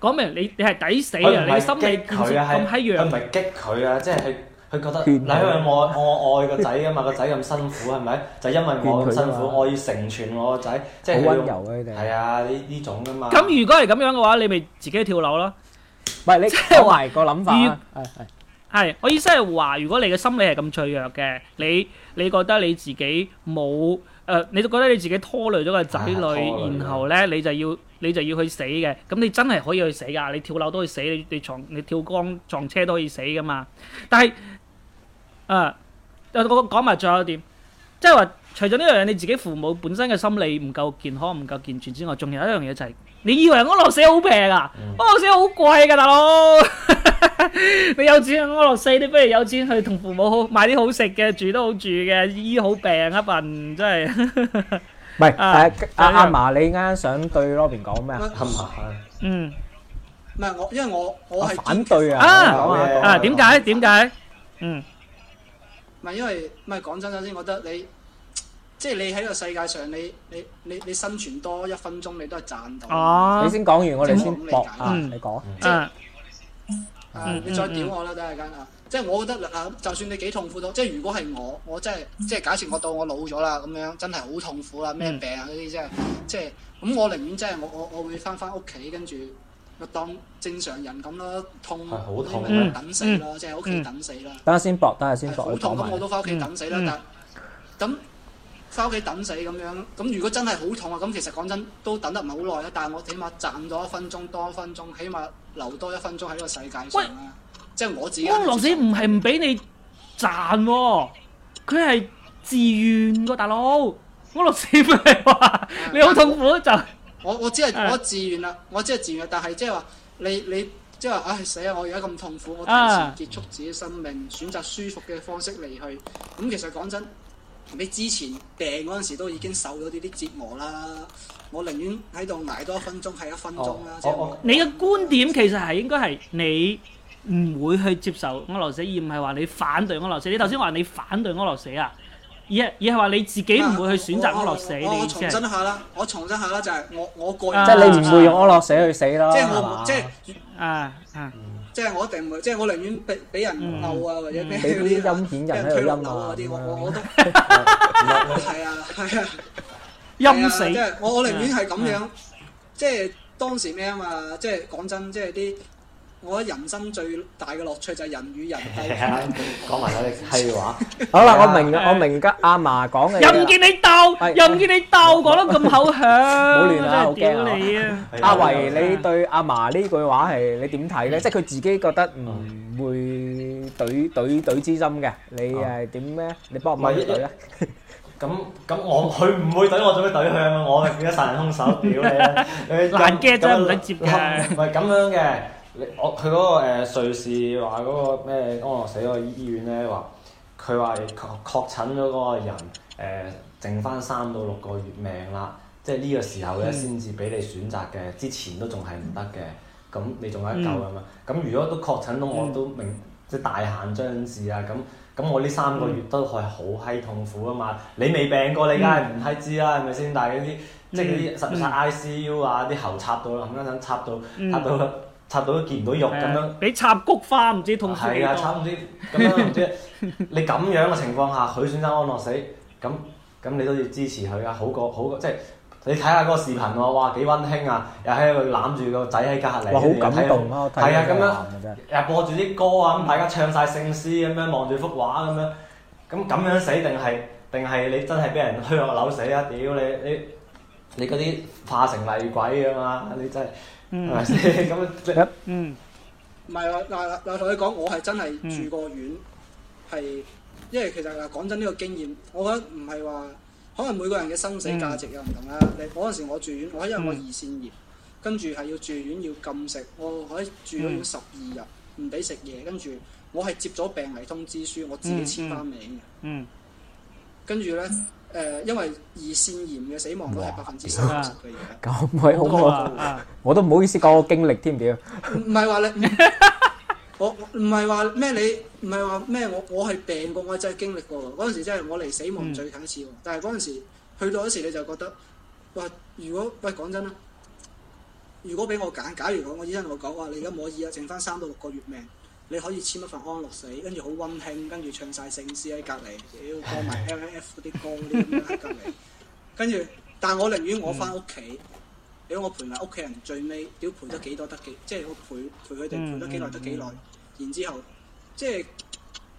講明你你係抵死啊！你嘅心理變成咁喺弱。佢唔係激佢啊，即係佢佢覺得，嗱，因為我我愛個仔啊嘛，個仔咁辛苦係咪？就因為我咁辛苦，我要成全我個仔，即係好溫柔啊！你哋係啊，呢呢種啊嘛。咁如果係咁樣嘅話，你咪自己跳樓咯。唔係你即係話個諗法。係係係，我意思係話，如果你嘅心理係咁脆弱嘅，你你覺得你自己冇。誒，uh, 你覺得你自己拖累咗個仔女，啊、然後咧你就要你就要去死嘅，咁你真係可以去死㗎，你跳樓都可以死，你你撞你跳江撞車都可以死㗎嘛，但係誒，uh, 我講埋最後一點，即係話。除咗呢樣嘢，你自己父母本身嘅心理唔夠健康、唔夠健全之外，仲有一樣嘢就係，你以為安樂死好平啊？安樂死好貴㗎，大佬！你有錢安樂死，你不如有錢去同父母好買啲好食嘅、住得好住嘅、醫好病一份，真係。唔係，阿阿阿瑪，你啱啱想對 Robin 講咩啊？嗯。唔係我，因為我我係反對啊！啊，點解？點解？嗯。唔係因為，唔係講真嘅先，我覺得你。即係你喺個世界上，你你你你生存多一分鐘，你都係賺到。你先講完，我哋先你講，即係你再屌我啦，等陣間啊！即係我覺得就算你幾痛苦都，即係如果係我，我真係即係假設我到我老咗啦，咁樣真係好痛苦啊！咩病啊嗰啲，即係即係咁，我寧願即係我我我會翻翻屋企，跟住當正常人咁啦，痛都痛，等死啦。即係屋企等死啦。等下先搏，等下先搏。好痛咁，我都翻屋企等死啦。但咁。翻屋企等死咁樣，咁如果真係好痛啊，咁其實講真都等得唔係好耐啦。但係我起碼站咗一分鐘，多一分鐘，起碼留多一分鐘喺個世界上。喂即係我自己安樂死唔係唔俾你賺、哦，佢係自願噶，大佬我安樂死咪話你好痛苦就我 (laughs) 我只係我自願啦，我只係自願，但係即係話你你即係話唉死啊！我而家咁痛苦，我提前結束自己生命，啊、選擇舒服嘅方式離去。咁其實講真。你之前病嗰陣時都已經受咗呢啲折磨啦，我寧願喺度捱多一分鐘係一分鐘啦。哦，即你嘅觀點其實係應該係你唔會去接受安樂死，而唔係話你反對安樂死。你頭先話你反對安樂死啊？而係而係話你自己唔會去選擇安樂死。你是重申下啦，我重申下啦，就係我我個人即係你唔會用安樂死去死咯，即係即係啊啊！吧即係我一定唔會，即係我寧願俾俾人鬧啊，或者咩俾啲陰險人喺度陰啊啲，我我我都係啊係啊陰死。即係我我寧願係咁樣，即係當時咩啊嘛，即係講真，即係啲。我覺得人生最大嘅樂趣就係人與人係講埋啦，你廢話。好啦，我明啦，我明架。阿嫲講嘅又唔見你鬥，又唔見你鬥，講得咁口響。好亂啦，好驚啊！阿維，你對阿嫲呢句話係你點睇咧？即係佢自己覺得唔會懟懟懟之心嘅，你係點咩？你幫我唔好懟啦。咁咁我佢唔會懟我，做咩懟佢啊？我變咗殺人兇手，屌你啊！難 get 真係唔使接嘅，唔係咁樣嘅。你我佢嗰個誒、呃、瑞士話嗰個咩安樂死嗰個醫院咧話，佢話確確診咗嗰個人誒、呃，剩翻三到六個月命啦，即係呢個時候咧先至俾你選擇嘅，嗯、之前都仲係唔得嘅。咁、嗯、你仲有得救咁嘛？咁、嗯、如果都確診到我都明，嗯、即係大限將至啊！咁咁我呢三個月都係好閪痛苦啊嘛！你未病過你梗係唔閪知啦，係咪先？但係嗰啲即係嗰啲實實 ICU 啊，啲喉插到啦，啱啱插到插到插到見唔到肉咁的樣，俾插菊花唔知痛啲。係啊，插唔知咁 (laughs) 樣唔知。你咁樣嘅情況下，佢選擇安樂死，咁咁你都要支持佢啊！好過好過即係你睇下嗰個視頻喎，哇幾溫馨啊！又喺度攬住個仔喺隔離，好感動啊！係啊，咁樣又是播住啲歌啊，咁大家唱晒聖詩咁樣望住幅畫咁樣，咁咁樣死定係定係你真係俾人推落樓死啊、呃！屌你你你嗰啲化成厲鬼啊嘛！你真係～嗯，咁啊 (laughs) 子，嗯，唔係啊，嗱， (noise) 我同你講，我係真係住過院，係、嗯，因為其實嗱，講真呢、這個經驗，我覺得唔係話，可能每個人嘅生死價值又唔同啦。嗰陣時我住院，我因為我胰腺炎，跟住係要住院要禁食，我喺住咗要十二日，唔俾食嘢，跟住我係接咗病危通知書，我自己簽翻名嘅、嗯，嗯，嗯跟住咧。誒、呃，因為胰腺炎嘅死亡率係百分之三十嘅嘢，咁係好我都唔好意思 (laughs) 講我經歷添點，唔係話你， (laughs) 我唔係話咩？你唔係話咩？我我係病過，我真係經歷過喎。嗰時真係我離死亡最近一次。但係嗰陣時去到嗰時你就覺得，喂，如果喂講真啦，如果俾我揀，假如我個醫生同我講話，你而家可以啊，剩翻三到六個月命。你可以簽一份安樂死，跟住好溫馨，跟住唱晒聖詩喺隔離，要放埋 LNF 嗰啲歌嗰啲喺隔離，跟住，但我寧願我翻屋企，嗯、如果我陪埋屋企人最尾，屌陪得幾多得幾，即係我陪陪佢哋陪得幾耐得幾耐，嗯、然之後，即係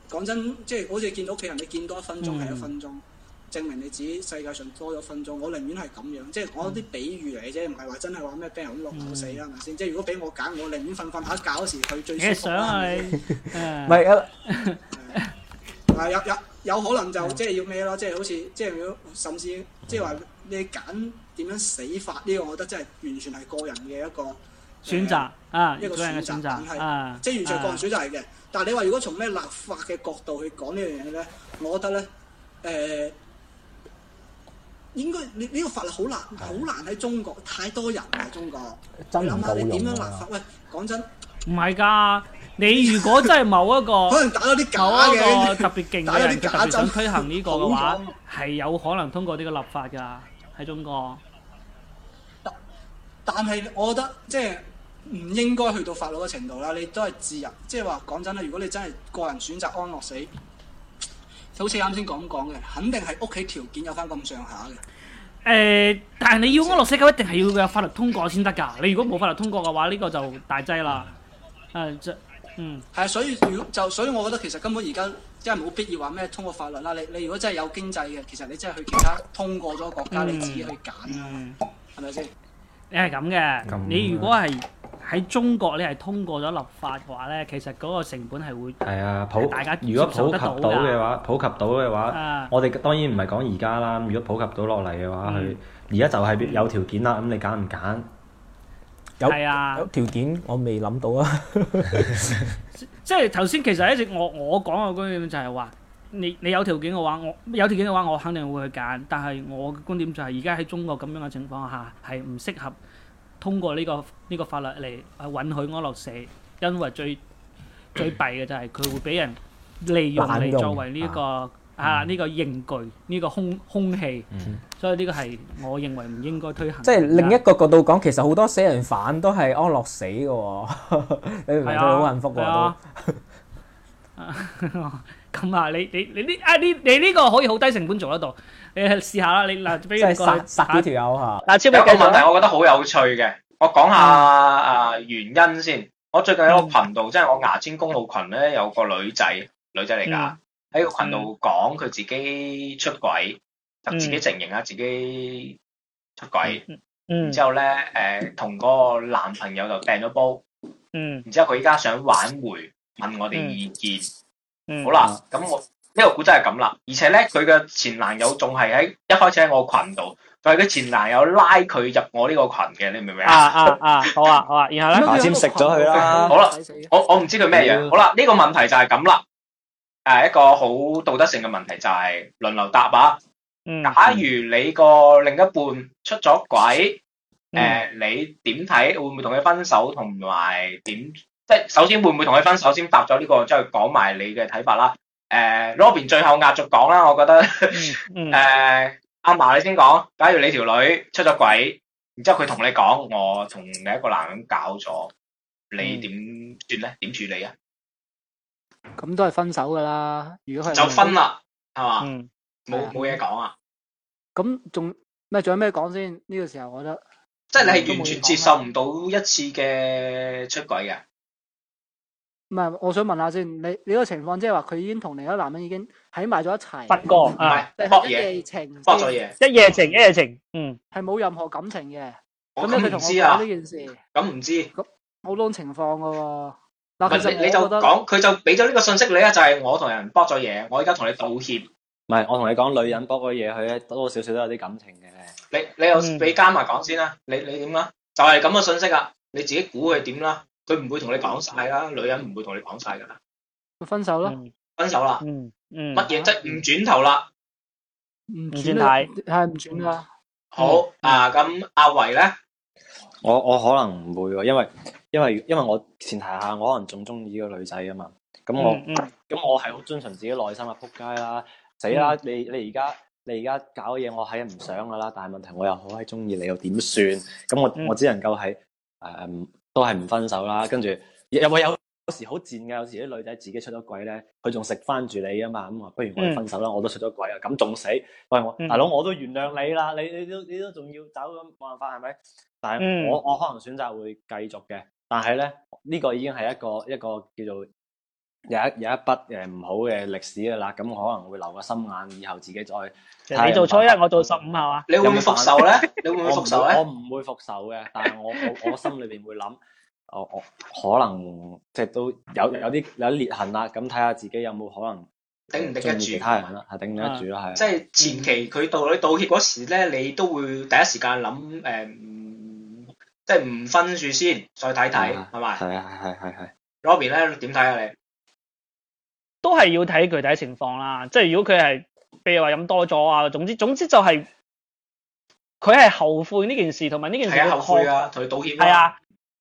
講真，即係好似見到屋企人，你見多一分鐘係、嗯、一分鐘。證明你自己，世界上多咗分鐘。我寧願係咁樣，即係我啲比喻嚟啫，唔係話真係話咩病人咁落樓死啦，係咪先？即係如果俾我揀，我寧願瞓瞓下覺嗰時去最想係，唔係有有有可能就即係要咩咯？即、就、係、是、好似即係要甚至即係話你揀點樣死法呢？我覺得真係完全係個人嘅一個選擇啊，一個人嘅選擇即係完全個人選擇嚟嘅。但係你話如果從咩立法嘅角度去講呢樣嘢咧，我覺得咧，誒。應該你呢個法律好難，好難喺中國，太多人喺中國。諗下你點樣立法？喂，講真，唔係㗎。你如果真係某一個 (laughs) 可能打咗啲狗嘅特別勁嘅人，打咗啲假針特別想推行呢個嘅話，係 (laughs) 的有可能通過呢個立法㗎喺中國。但係我覺得即係唔應該去到法律嘅程度啦。你都係自由，即係話講真啦。如果你真係個人選擇安樂死。好似啱先講咁講嘅，肯定係屋企條件有翻咁上下嘅。誒、呃，但係你要安樂死，佢一定係要有法律通過先得㗎。你如果冇法律通過嘅話，呢、呢個就大劑啦。誒、啊，嗯，係啊，所以如果就所以，我覺得其實根本而家真係冇必要話咩通過法律啦。你你如果真係有經濟嘅，其實你真係去其他通過咗國家，嗯、你自己去揀，係咪先？嗯、係係你係咁嘅，樣你如果係。喺中國，你係通過咗立法嘅話咧，其實嗰個成本係會，係啊，普，大家如果普及到嘅話，普及到嘅話，我哋當然唔係講而家啦。如果普及到落嚟嘅話，佢而家就係有條件啦。咁你揀唔揀？有，係啊，有條件我未諗到啊。即係頭先其實一直我我講嘅觀點就係話，你你有條件嘅話，我有條件嘅話，我肯定會去揀。但係我嘅觀點就係而家喺中國咁樣嘅情況下係唔適合通過呢個呢個法律嚟允許安樂死，因為最最弊嘅就係佢會俾人利用嚟作為呢個啊呢個刑具，呢個空空氣，所以呢個係我認為唔應該推行。即係另一個角度講，其實好多死人犯都係安樂死嘅喎，係呀都好幸福喎？都咁啊！你你你呢啊呢你呢個可以好低成本做得到。你試下啦，你嗱，俾個，殺下條友吓。有一個問題，我覺得好有趣嘅，我講下誒原因先。我最近喺個羣度，即係、嗯、我牙尖公路群咧，有個女仔，女仔嚟噶，喺、嗯、個羣度講佢自己出軌，嗯、就自己承認啦，自己出軌，之、嗯、後咧，誒同嗰個男朋友就掟咗煲，嗯，然之後佢依家想挽回，問我哋意見，嗯嗯、好啦，咁我。呢個估真係咁啦，而且咧佢嘅前男友仲係喺一開始喺我群度，就係、是、佢前男友拉佢入我呢個群嘅，你明唔明啊？啊啊好啊好啊，然後咧，牙籤食咗佢啦。好啦，我我唔知佢咩嘢。嗯、好啦，呢、這個問題就係咁啦，誒，一個好道德性嘅問題就係輪流答啊。嗯、假如你個另一半出咗軌，誒、嗯呃，你點睇？會唔會同佢分手？同埋點？即係首先會唔會同佢分手？先答咗、這、呢個，即係講埋你嘅睇法啦。誒、uh,，Robin 最後壓軸講啦，我覺得，誒、嗯，阿嫲、uh, uh, 你先講，假如你條女出咗軌，然之後佢同你講我同另一個男人搞咗，嗯、你點算咧？點處理啊？咁都係分手噶啦，如果係就分啦，係嘛？冇冇嘢講啊？咁仲咩？仲有咩講先？呢、這個時候我覺得，即係你係完全接受唔到一次嘅出軌嘅。唔係，我想問下先，你你個情況即係話佢已經同另一男人已經喺埋咗一齊。不干過，係，博嘢，情，博咗嘢，一夜情，一夜情，嗯，係冇任何感情嘅。我唔知啊，呢件事，咁唔知，冇呢種情況噶。嗱，其實你，你就講，佢就俾咗呢個信息你啊，就係、是、我同人博咗嘢，我而家同你道歉。唔係，我同你講，女人博個嘢，佢多多少少都有啲感情嘅、嗯。你你又俾加埋講先啦，你你點啦？就係咁嘅信息啊，你自己估佢點啦？佢唔會同你講晒啦，女人唔會同你講晒噶啦，分手啦，嗯、分手啦、嗯，嗯嗯，乜嘢即係唔轉頭啦，唔轉頭係唔轉啦。好啊，咁阿維咧，我我可能唔會，因為因為因為我前提下我可能仲中意個女仔啊嘛，咁我，咁、嗯嗯、我係好遵循自己內心嘅撲街啦，死啦！嗯、你你而家你而家搞嘢，我係唔想噶啦，但係問題我又好係中意你，又你又，又點算？咁我我只能夠喺……誒、嗯。都係唔分手啦，跟住有冇有有時好賤嘅？有時啲女仔自己出咗軌咧，佢仲食翻住你啊嘛，咁啊，不如我哋分手啦，我都出咗軌啊，咁仲死，喂我大佬我都原諒你啦，你你，你都你都仲要走咁，冇辦法係咪？但係我、嗯、我可能選擇會繼續嘅，但係咧呢、這個已經係一個一個叫做。有一有一筆誒唔好嘅歷史嘅啦，咁可能會留個心眼，以後自己再睇。你做初一，我做十五係啊，你會唔會復仇咧？你會唔會復仇咧？我唔會復仇嘅，但係我我心裏邊會諗，我我可能即係都有有啲有啲裂痕啦，咁睇下自己有冇可能頂唔頂得住。係啦，係頂得住啦，係。即係前期佢到女道歉嗰時咧，你都會第一時間諗誒，即係唔分住先，再睇睇係咪？係係係係。Robin 咧點睇啊？你？都係要睇具體情況啦，即係如果佢係，譬如話飲多咗，啊，總之總之就係佢係後悔呢件事，同埋呢件事後悔啊，同佢道歉。係啊，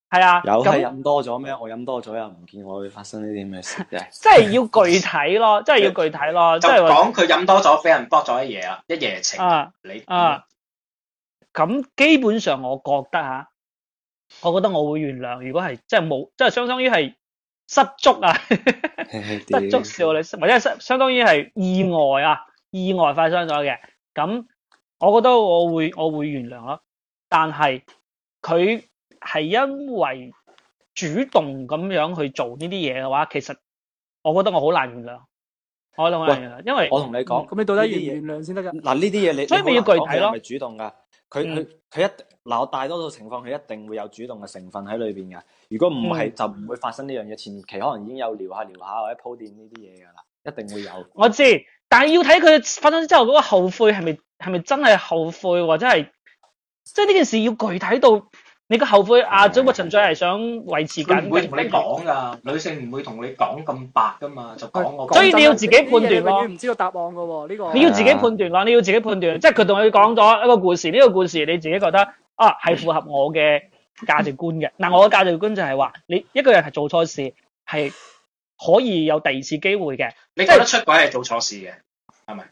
係啊。有係飲多咗咩？我飲多咗又唔見我會發生呢啲咩事嘅？即係要具體咯，即係要具體咯。即係就講佢飲多咗，俾人搏咗一夜啊，一夜情。啊，你啊，咁基本上我覺得吓，我覺得我會原諒。如果係即係冇，即係相當於係。失足啊 (laughs) 失足少女，或者相相當於係意外啊，意外發生咗嘅，咁、嗯嗯、我覺得我會我會原諒咯、啊，但係佢係因為主動咁樣去做呢啲嘢嘅話，其實我覺得我好難原諒，我同我原諒，喂因為我同你講，咁、嗯、你到底要原諒先得噶？嗱呢啲嘢你，所以咪要具體咯。係主動噶。啊佢佢佢一，嗱，大多數情況佢一定會有主動嘅成分喺裏邊嘅。如果唔係，嗯、就唔會發生呢樣嘢。前期可能已經有聊下聊下或者鋪墊呢啲嘢噶啦，一定會有。我知，但係要睇佢發生之後嗰個後悔係咪係咪真係後悔，或者係即係呢件事要具體到。你個後悔啊，只不過純粹係想維持緊。佢唔會同你講噶，女性唔會同你講咁白噶嘛，就講我。所以你要自己判斷咯。永遠唔知道答案噶喎，呢個你要自己判斷咯，Yeah. 你要自己判斷，即係佢同佢講咗一個故事，呢個故事你自己覺得啊係符合我嘅價值觀嘅。嗱、啊，我嘅價值觀就係話，你一個人係做錯事係可以有第二次機會嘅。你覺得出軌係做錯事嘅，係咪？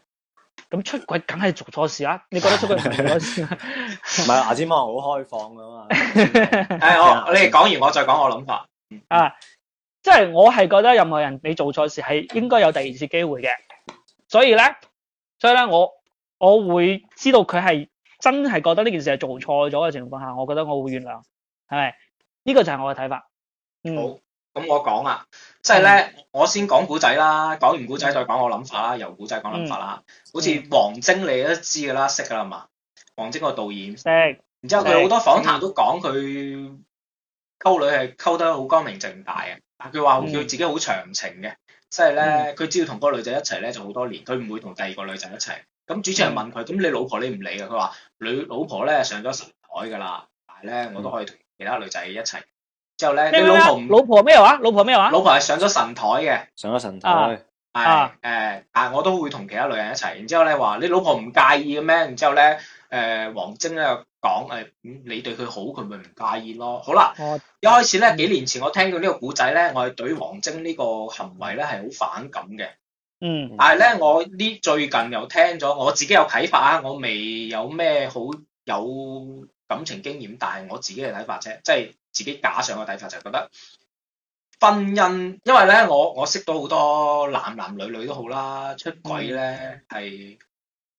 咁出軌梗係做錯事啦。啊，你覺得出軌唔係唔係？牙籤媽好開放噶嘛。誒、啊， (laughs) 我你哋講完我再講我諗法啊，吧嗯、即係我係覺得任何人你做錯事係應該有第二次機會嘅，所以咧，所以咧，我我會知道佢係真係覺得呢件事係做錯咗嘅情況下，我覺得我會原諒，係咪？呢、這個就係我嘅睇法。嗯。咁我講啦，即係咧，嗯、我先講古仔啦，講完古仔再講我諗法啦，由古仔講諗法啦。嗯、好似王晶，你都知噶啦，識噶啦嘛？王晶個導演，識懂。然之後佢好多訪談都講佢溝女係溝得好光明正大嘅，但佢話佢自己好長情嘅，即係咧，佢、嗯、只要同個女仔一齊咧就好多年，佢唔會同第二個女仔一齊。咁主持人問佢，咁、嗯、你老婆你唔理啊？佢話女老婆咧上咗神台噶啦，但係咧我都可以同其他女仔一齊。之後咧，麼你老婆老婆咩話？老婆咩話？老婆係上咗神台嘅，上咗神台係，誒，是啊、但係我都會同其他女人一齊。然之後咧話，你老婆唔介意嘅咩？然之後咧，誒、呃，王晶咧講誒，你對佢好，佢咪唔介意咯。好啦，啊、一開始咧，幾年前我聽到呢個古仔咧，我係對王晶呢個行為咧係好反感嘅。嗯，但係咧，我呢最近又聽咗，我自己有啟發啊。我未有咩好有感情經驗，但係我自己嘅睇法啫，即係。自己假上嘅睇法就係覺得婚姻，因為咧我我識到好多男男女女都好啦，出軌咧係、嗯、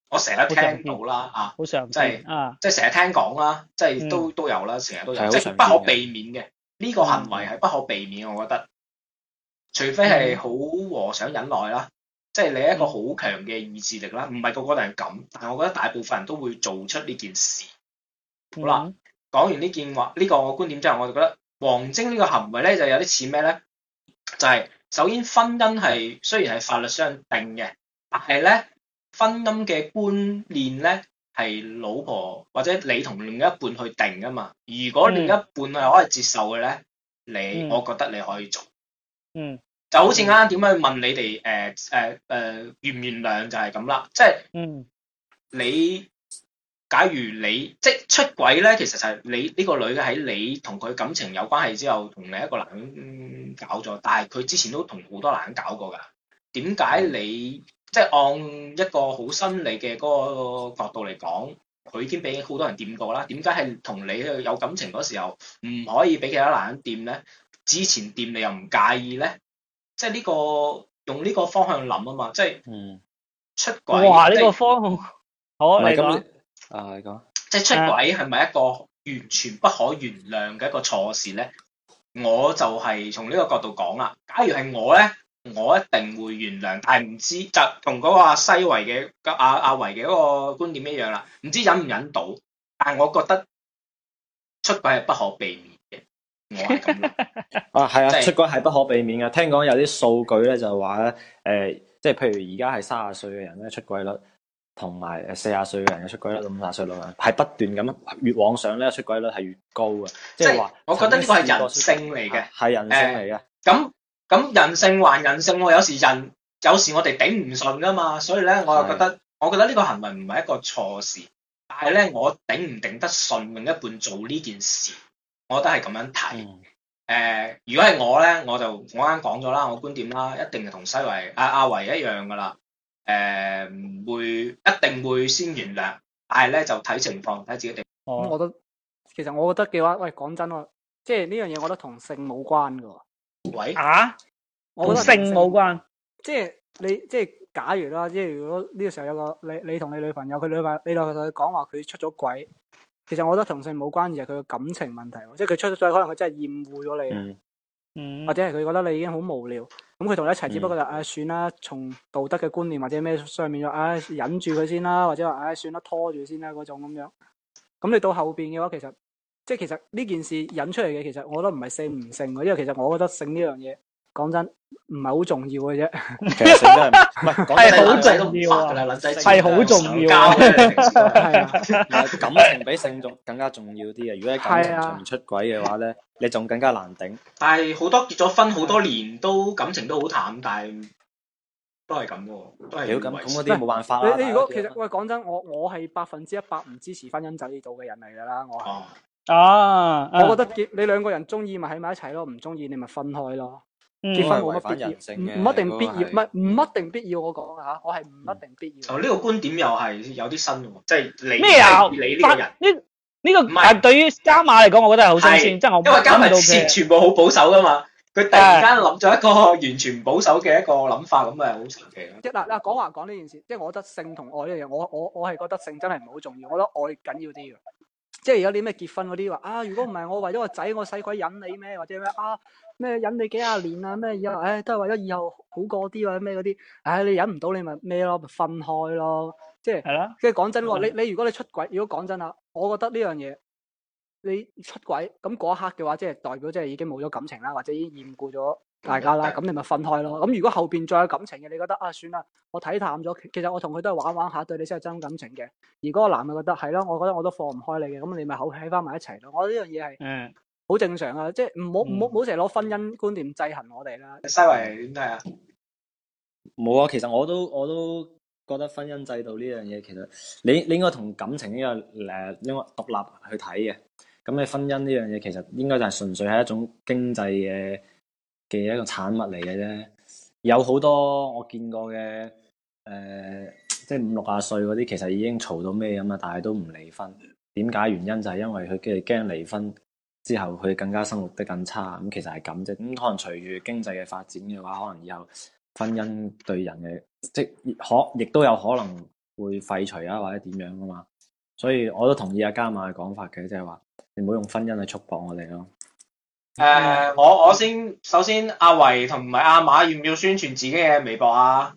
我成日都聽到啦啊，是啊，即係即係成日聽講啦，即係都都有啦，成日、嗯、都有，都有即係不可避免嘅呢、嗯、個行為係不可避免，我覺得，除非係好和尚忍耐啦，嗯、即係你一個好強嘅意志力啦，唔係個個人都咁，但係我覺得大部分人都會做出呢件事，好啦。嗯講完呢件話，呢、這個我觀點之後，我就覺得王晶呢個行為咧，就有啲似咩咧？就係、是、首先婚姻係雖然係法律上定嘅，但係咧婚姻嘅觀念咧係老婆或者你同另一半去定噶嘛。如果另一半係可以接受嘅咧，你、嗯、我覺得你可以做。嗯，就好似啱啱點樣問你哋誒誒誒，原唔原諒就係咁啦，即、就、係、是、嗯你。嗯假如你即出軌咧，其實就係你呢個女嘅喺你同佢感情有關係之後，同另一個男人搞咗。但係佢之前都同好多男人搞過㗎。點解你即係按一個好心理嘅嗰個角度嚟講，佢已經俾好多人掂過啦？點解係同你有感情嗰時候唔可以俾其他男人掂咧？之前掂你又唔介意咧？即係呢個用呢個方向諗啊嘛，即係出軌。哇！呢個方向，好，你講。 (laughs) 啊，你講，即係出軌係咪一個完全不可原諒嘅一個錯事咧？我就係從呢個角度講啦。假如係我咧，我一定會原諒，但係唔知就同嗰個阿西維嘅阿阿維嘅嗰個觀點一樣啦。唔知忍唔忍，忍到，但係我覺得出軌係不可避免嘅。我係咁諗。 (laughs) 啊，係啊，就是、出軌係不可避免嘅。聽講有啲數據咧就話咧，誒、呃，即係譬如而家係卅歲嘅人咧，出軌率。同埋四十歲嘅人嘅出軌率的人的人，五十歲老人係不斷咁越往上咧，出軌率係越高嘅。即係話，我覺得呢個係人性嚟嘅，係人性嚟嘅。咁咁人性還人性喎，有時人有時我哋頂唔順噶嘛，所以咧，我又覺得，是我覺得呢個行為唔係一個錯事，但係咧，我頂唔頂得順另一半做呢件事，我都係咁樣睇。誒、 (noise) 嗯呃，如果係我咧，我就我啱講咗啦，我，剛剛我觀點啦，一定係同西維阿阿維一樣噶啦。誒、嗯，會一定會先原諒，但係咧就睇情況，睇自己定。咁我都，其實我覺得嘅話，喂，講真我，即係呢樣嘢，我覺得同性冇關噶。喂啊，我覺得性冇關，即係你即係假如啦，即係如果呢個時候有個你，你同你女朋友佢女朋友，友你同佢講話佢出咗軌，其實我覺得同性冇關，而係佢嘅感情問題，即係佢出，咗再可能佢真係厭惡咗你嗯，嗯，或者係佢覺得你已經好無聊。咁佢同你一齊，只、嗯、不過就唉、是啊，算啦，從道德嘅觀念或者咩上面，就、啊、唉，忍住佢先啦，或者話唉、啊，算啦，拖住先啦，嗰種咁樣。咁你到後邊嘅話，其實即係其實呢件事引出嚟嘅，其實我都唔係性唔性，因為其實我覺得性呢樣嘢。講真，唔係好重要嘅啫， (laughs) 其實唔係，係好 (laughs) 重要啊，係好重要係 (laughs) 是啊，感情比性仲更加重要啲啊！如果喺感情上出軌嘅話咧， (laughs) 是啊、你仲更加難頂。但係好多結咗婚好多年，都感情都好淡，但係都係咁喎，都係咁，咁嗰啲冇辦法是你，你如果其實喂講真，我我係百分之一百唔支持婚姻走呢度嘅人嚟噶啦，我啊，啊，我覺得結你兩個人中意，咪喺埋一齊咯，唔中意你咪分開咯。結婚冇乜、嗯、必要，唔的一定必要，唔係唔一定必要我。我講吓，我係唔一定必要、嗯。哦，呢、這個觀點又係有啲新嘅，即係你理呢、啊、個人呢呢是個。唔係對於阿瑪嚟講，我覺得係好新鮮，的即係我唔係因為阿瑪之前全部好保守噶嘛，佢突然間諗咗一個完全唔保守嘅一個諗法，咁啊，好神奇。即嗱嗱，講話講呢件事，即係我覺得性同愛呢樣，我我我係覺得性真係唔係好重要，我覺得愛緊要啲嘅。即係有啲咩結婚嗰啲話啊，如果唔係我為咗個仔，我使鬼忍你咩，或者咩啊？咩忍你幾廿年啊咩以後，唉、哎，都係為咗以後好過啲或者咩嗰啲，唉、哎，你忍唔到你咪咩咯，咪分開咯，即係，跟住講真，的你你如果你出軌，如果講真啦，我覺得呢樣嘢你出軌咁嗰一刻嘅話，即係代表即係已經冇咗感情啦，或者已經厭故咗大家啦，咁你咪分開咯。咁如果後邊再有感情嘅，你覺得啊，算啦，我睇淡咗，其實我同佢都係玩玩下，對你先係真感情嘅。而嗰個男嘅覺得係咯，我覺得我都放唔開你嘅，咁你咪好喺翻埋一齊咯。我呢樣嘢係嗯。好正常啊，即係唔好唔好好成日攞婚姻觀念制衡我哋啦。西圍點睇啊？冇啊，其實我都我都覺得婚姻制度呢樣嘢，其實你你應該同感情呢個誒，應該獨立去睇嘅。咁你婚姻呢樣嘢，其實應該就係純粹係一種經濟嘅嘅一個產物嚟嘅啫。有好多我見過嘅誒、呃，即係五六啊歲嗰啲，其實已經嘈到咩咁啊，但係都唔離婚。點解？原因就係因為佢驚離婚。之後佢更加生活得更差，咁其實係咁啫。咁可能隨住經濟嘅發展嘅話，可能以後婚姻對人嘅即可，亦都有可能會廢除啊，或者點樣噶嘛。所以我都同意阿加瑪嘅講法嘅，即係話你唔好用婚姻去束縛我哋咯。誒、uh,，我我先，首先阿維同埋阿馬要唔要宣傳自己嘅微博啊？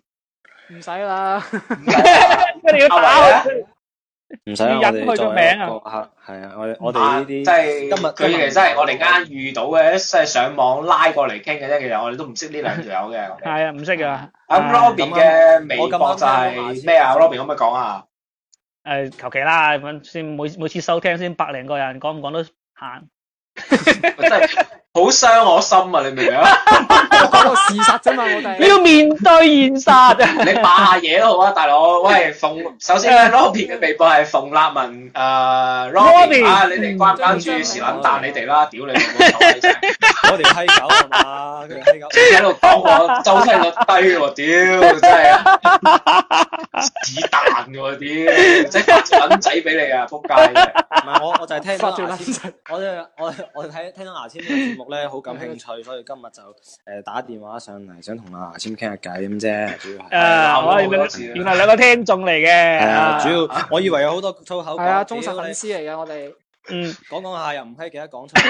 唔使啦，你 (laughs) (laughs) 要打 (laughs) 唔使印佢個名啊，係啊！我我哋呢啲，即係今日佢其實真係我哋啱遇到嘅，即係上網拉過嚟傾嘅啫。其實我哋都唔識呢兩條友嘅，係啊，唔識噶。咁羅比嘅微博就係咩啊？羅比可唔可以講下？誒，求其啦，先每每次收聽先百零個人講唔講都行。好傷我心啊！你明唔明啊？講到事實啫嘛，我哋要面對現實。你扮下嘢都好啊，大佬。喂，馮，首先，Robin 嘅微博係馮立文。誒，Robin 啊，你哋關唔關注屎卵彈？你哋啦，屌你！我哋批狗係嘛？我哋批狗喺度講我周生率低喎，屌真係！子彈嘅喎，屌即發子彈仔俾你啊！仆街！唔係我，我就係聽到牙。我我我睇聽到牙簽咧好感興趣，所以今日就誒打電話上嚟，想同阿簽傾下偈咁啫。啊，原來兩個聽眾嚟嘅。係啊，主要我以為有好多粗口講。係啊，忠實粉絲嚟嘅，我哋。嗯，講講下又唔閪記得講粗口。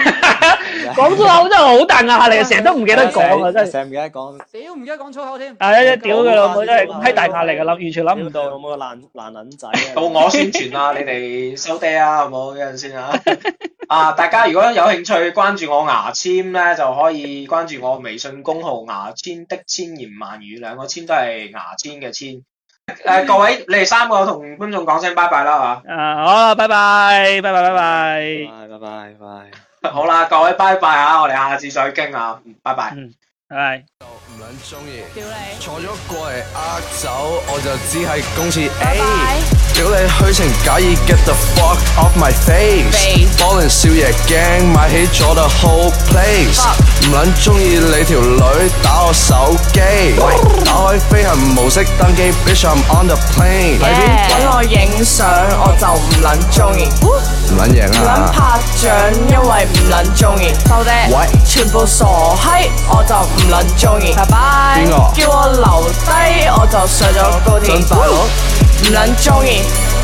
講粗口真係好鈍啊！成日都唔記得講啊，真係成日唔記得講。屌唔記得講粗口添。係啊，屌佢老母真係閪大壓力嘅。諗，完全諗唔到有冇個爛爛撚仔。到我宣傳啦，你哋收爹啊，好冇？有陣先啊。啊！大家如果有興趣關注我牙籤咧，就可以關注我微信公號牙籤的籤言萬語，兩個籤都係牙籤嘅籤。誒、啊，各位，你哋三個同觀眾講聲拜拜啦吓。誒、啊，好、哦，拜拜，拜拜，拜拜，拜拜，拜、拜。好啦，各位拜拜吓，我哋下次再傾吓，嗯，拜拜。嗯就唔捻中意，坐咗過嚟呃走，我就只係公廁。哎，叫你虛情假意 get the fuck off my face，寶林少爺驚買起咗 the whole place，唔捻中意你條女打我手機，打開飛行模式登機，bitch I'm on the plane，睇邊？搵我影相我就唔捻中意。唔捻贏啊！唔捻拍掌，因為唔捻中意收爹，喂全部傻閪，我就唔捻中意。拜拜。邊個？啊、叫我留低，我就上咗高鐵。唔捻中意。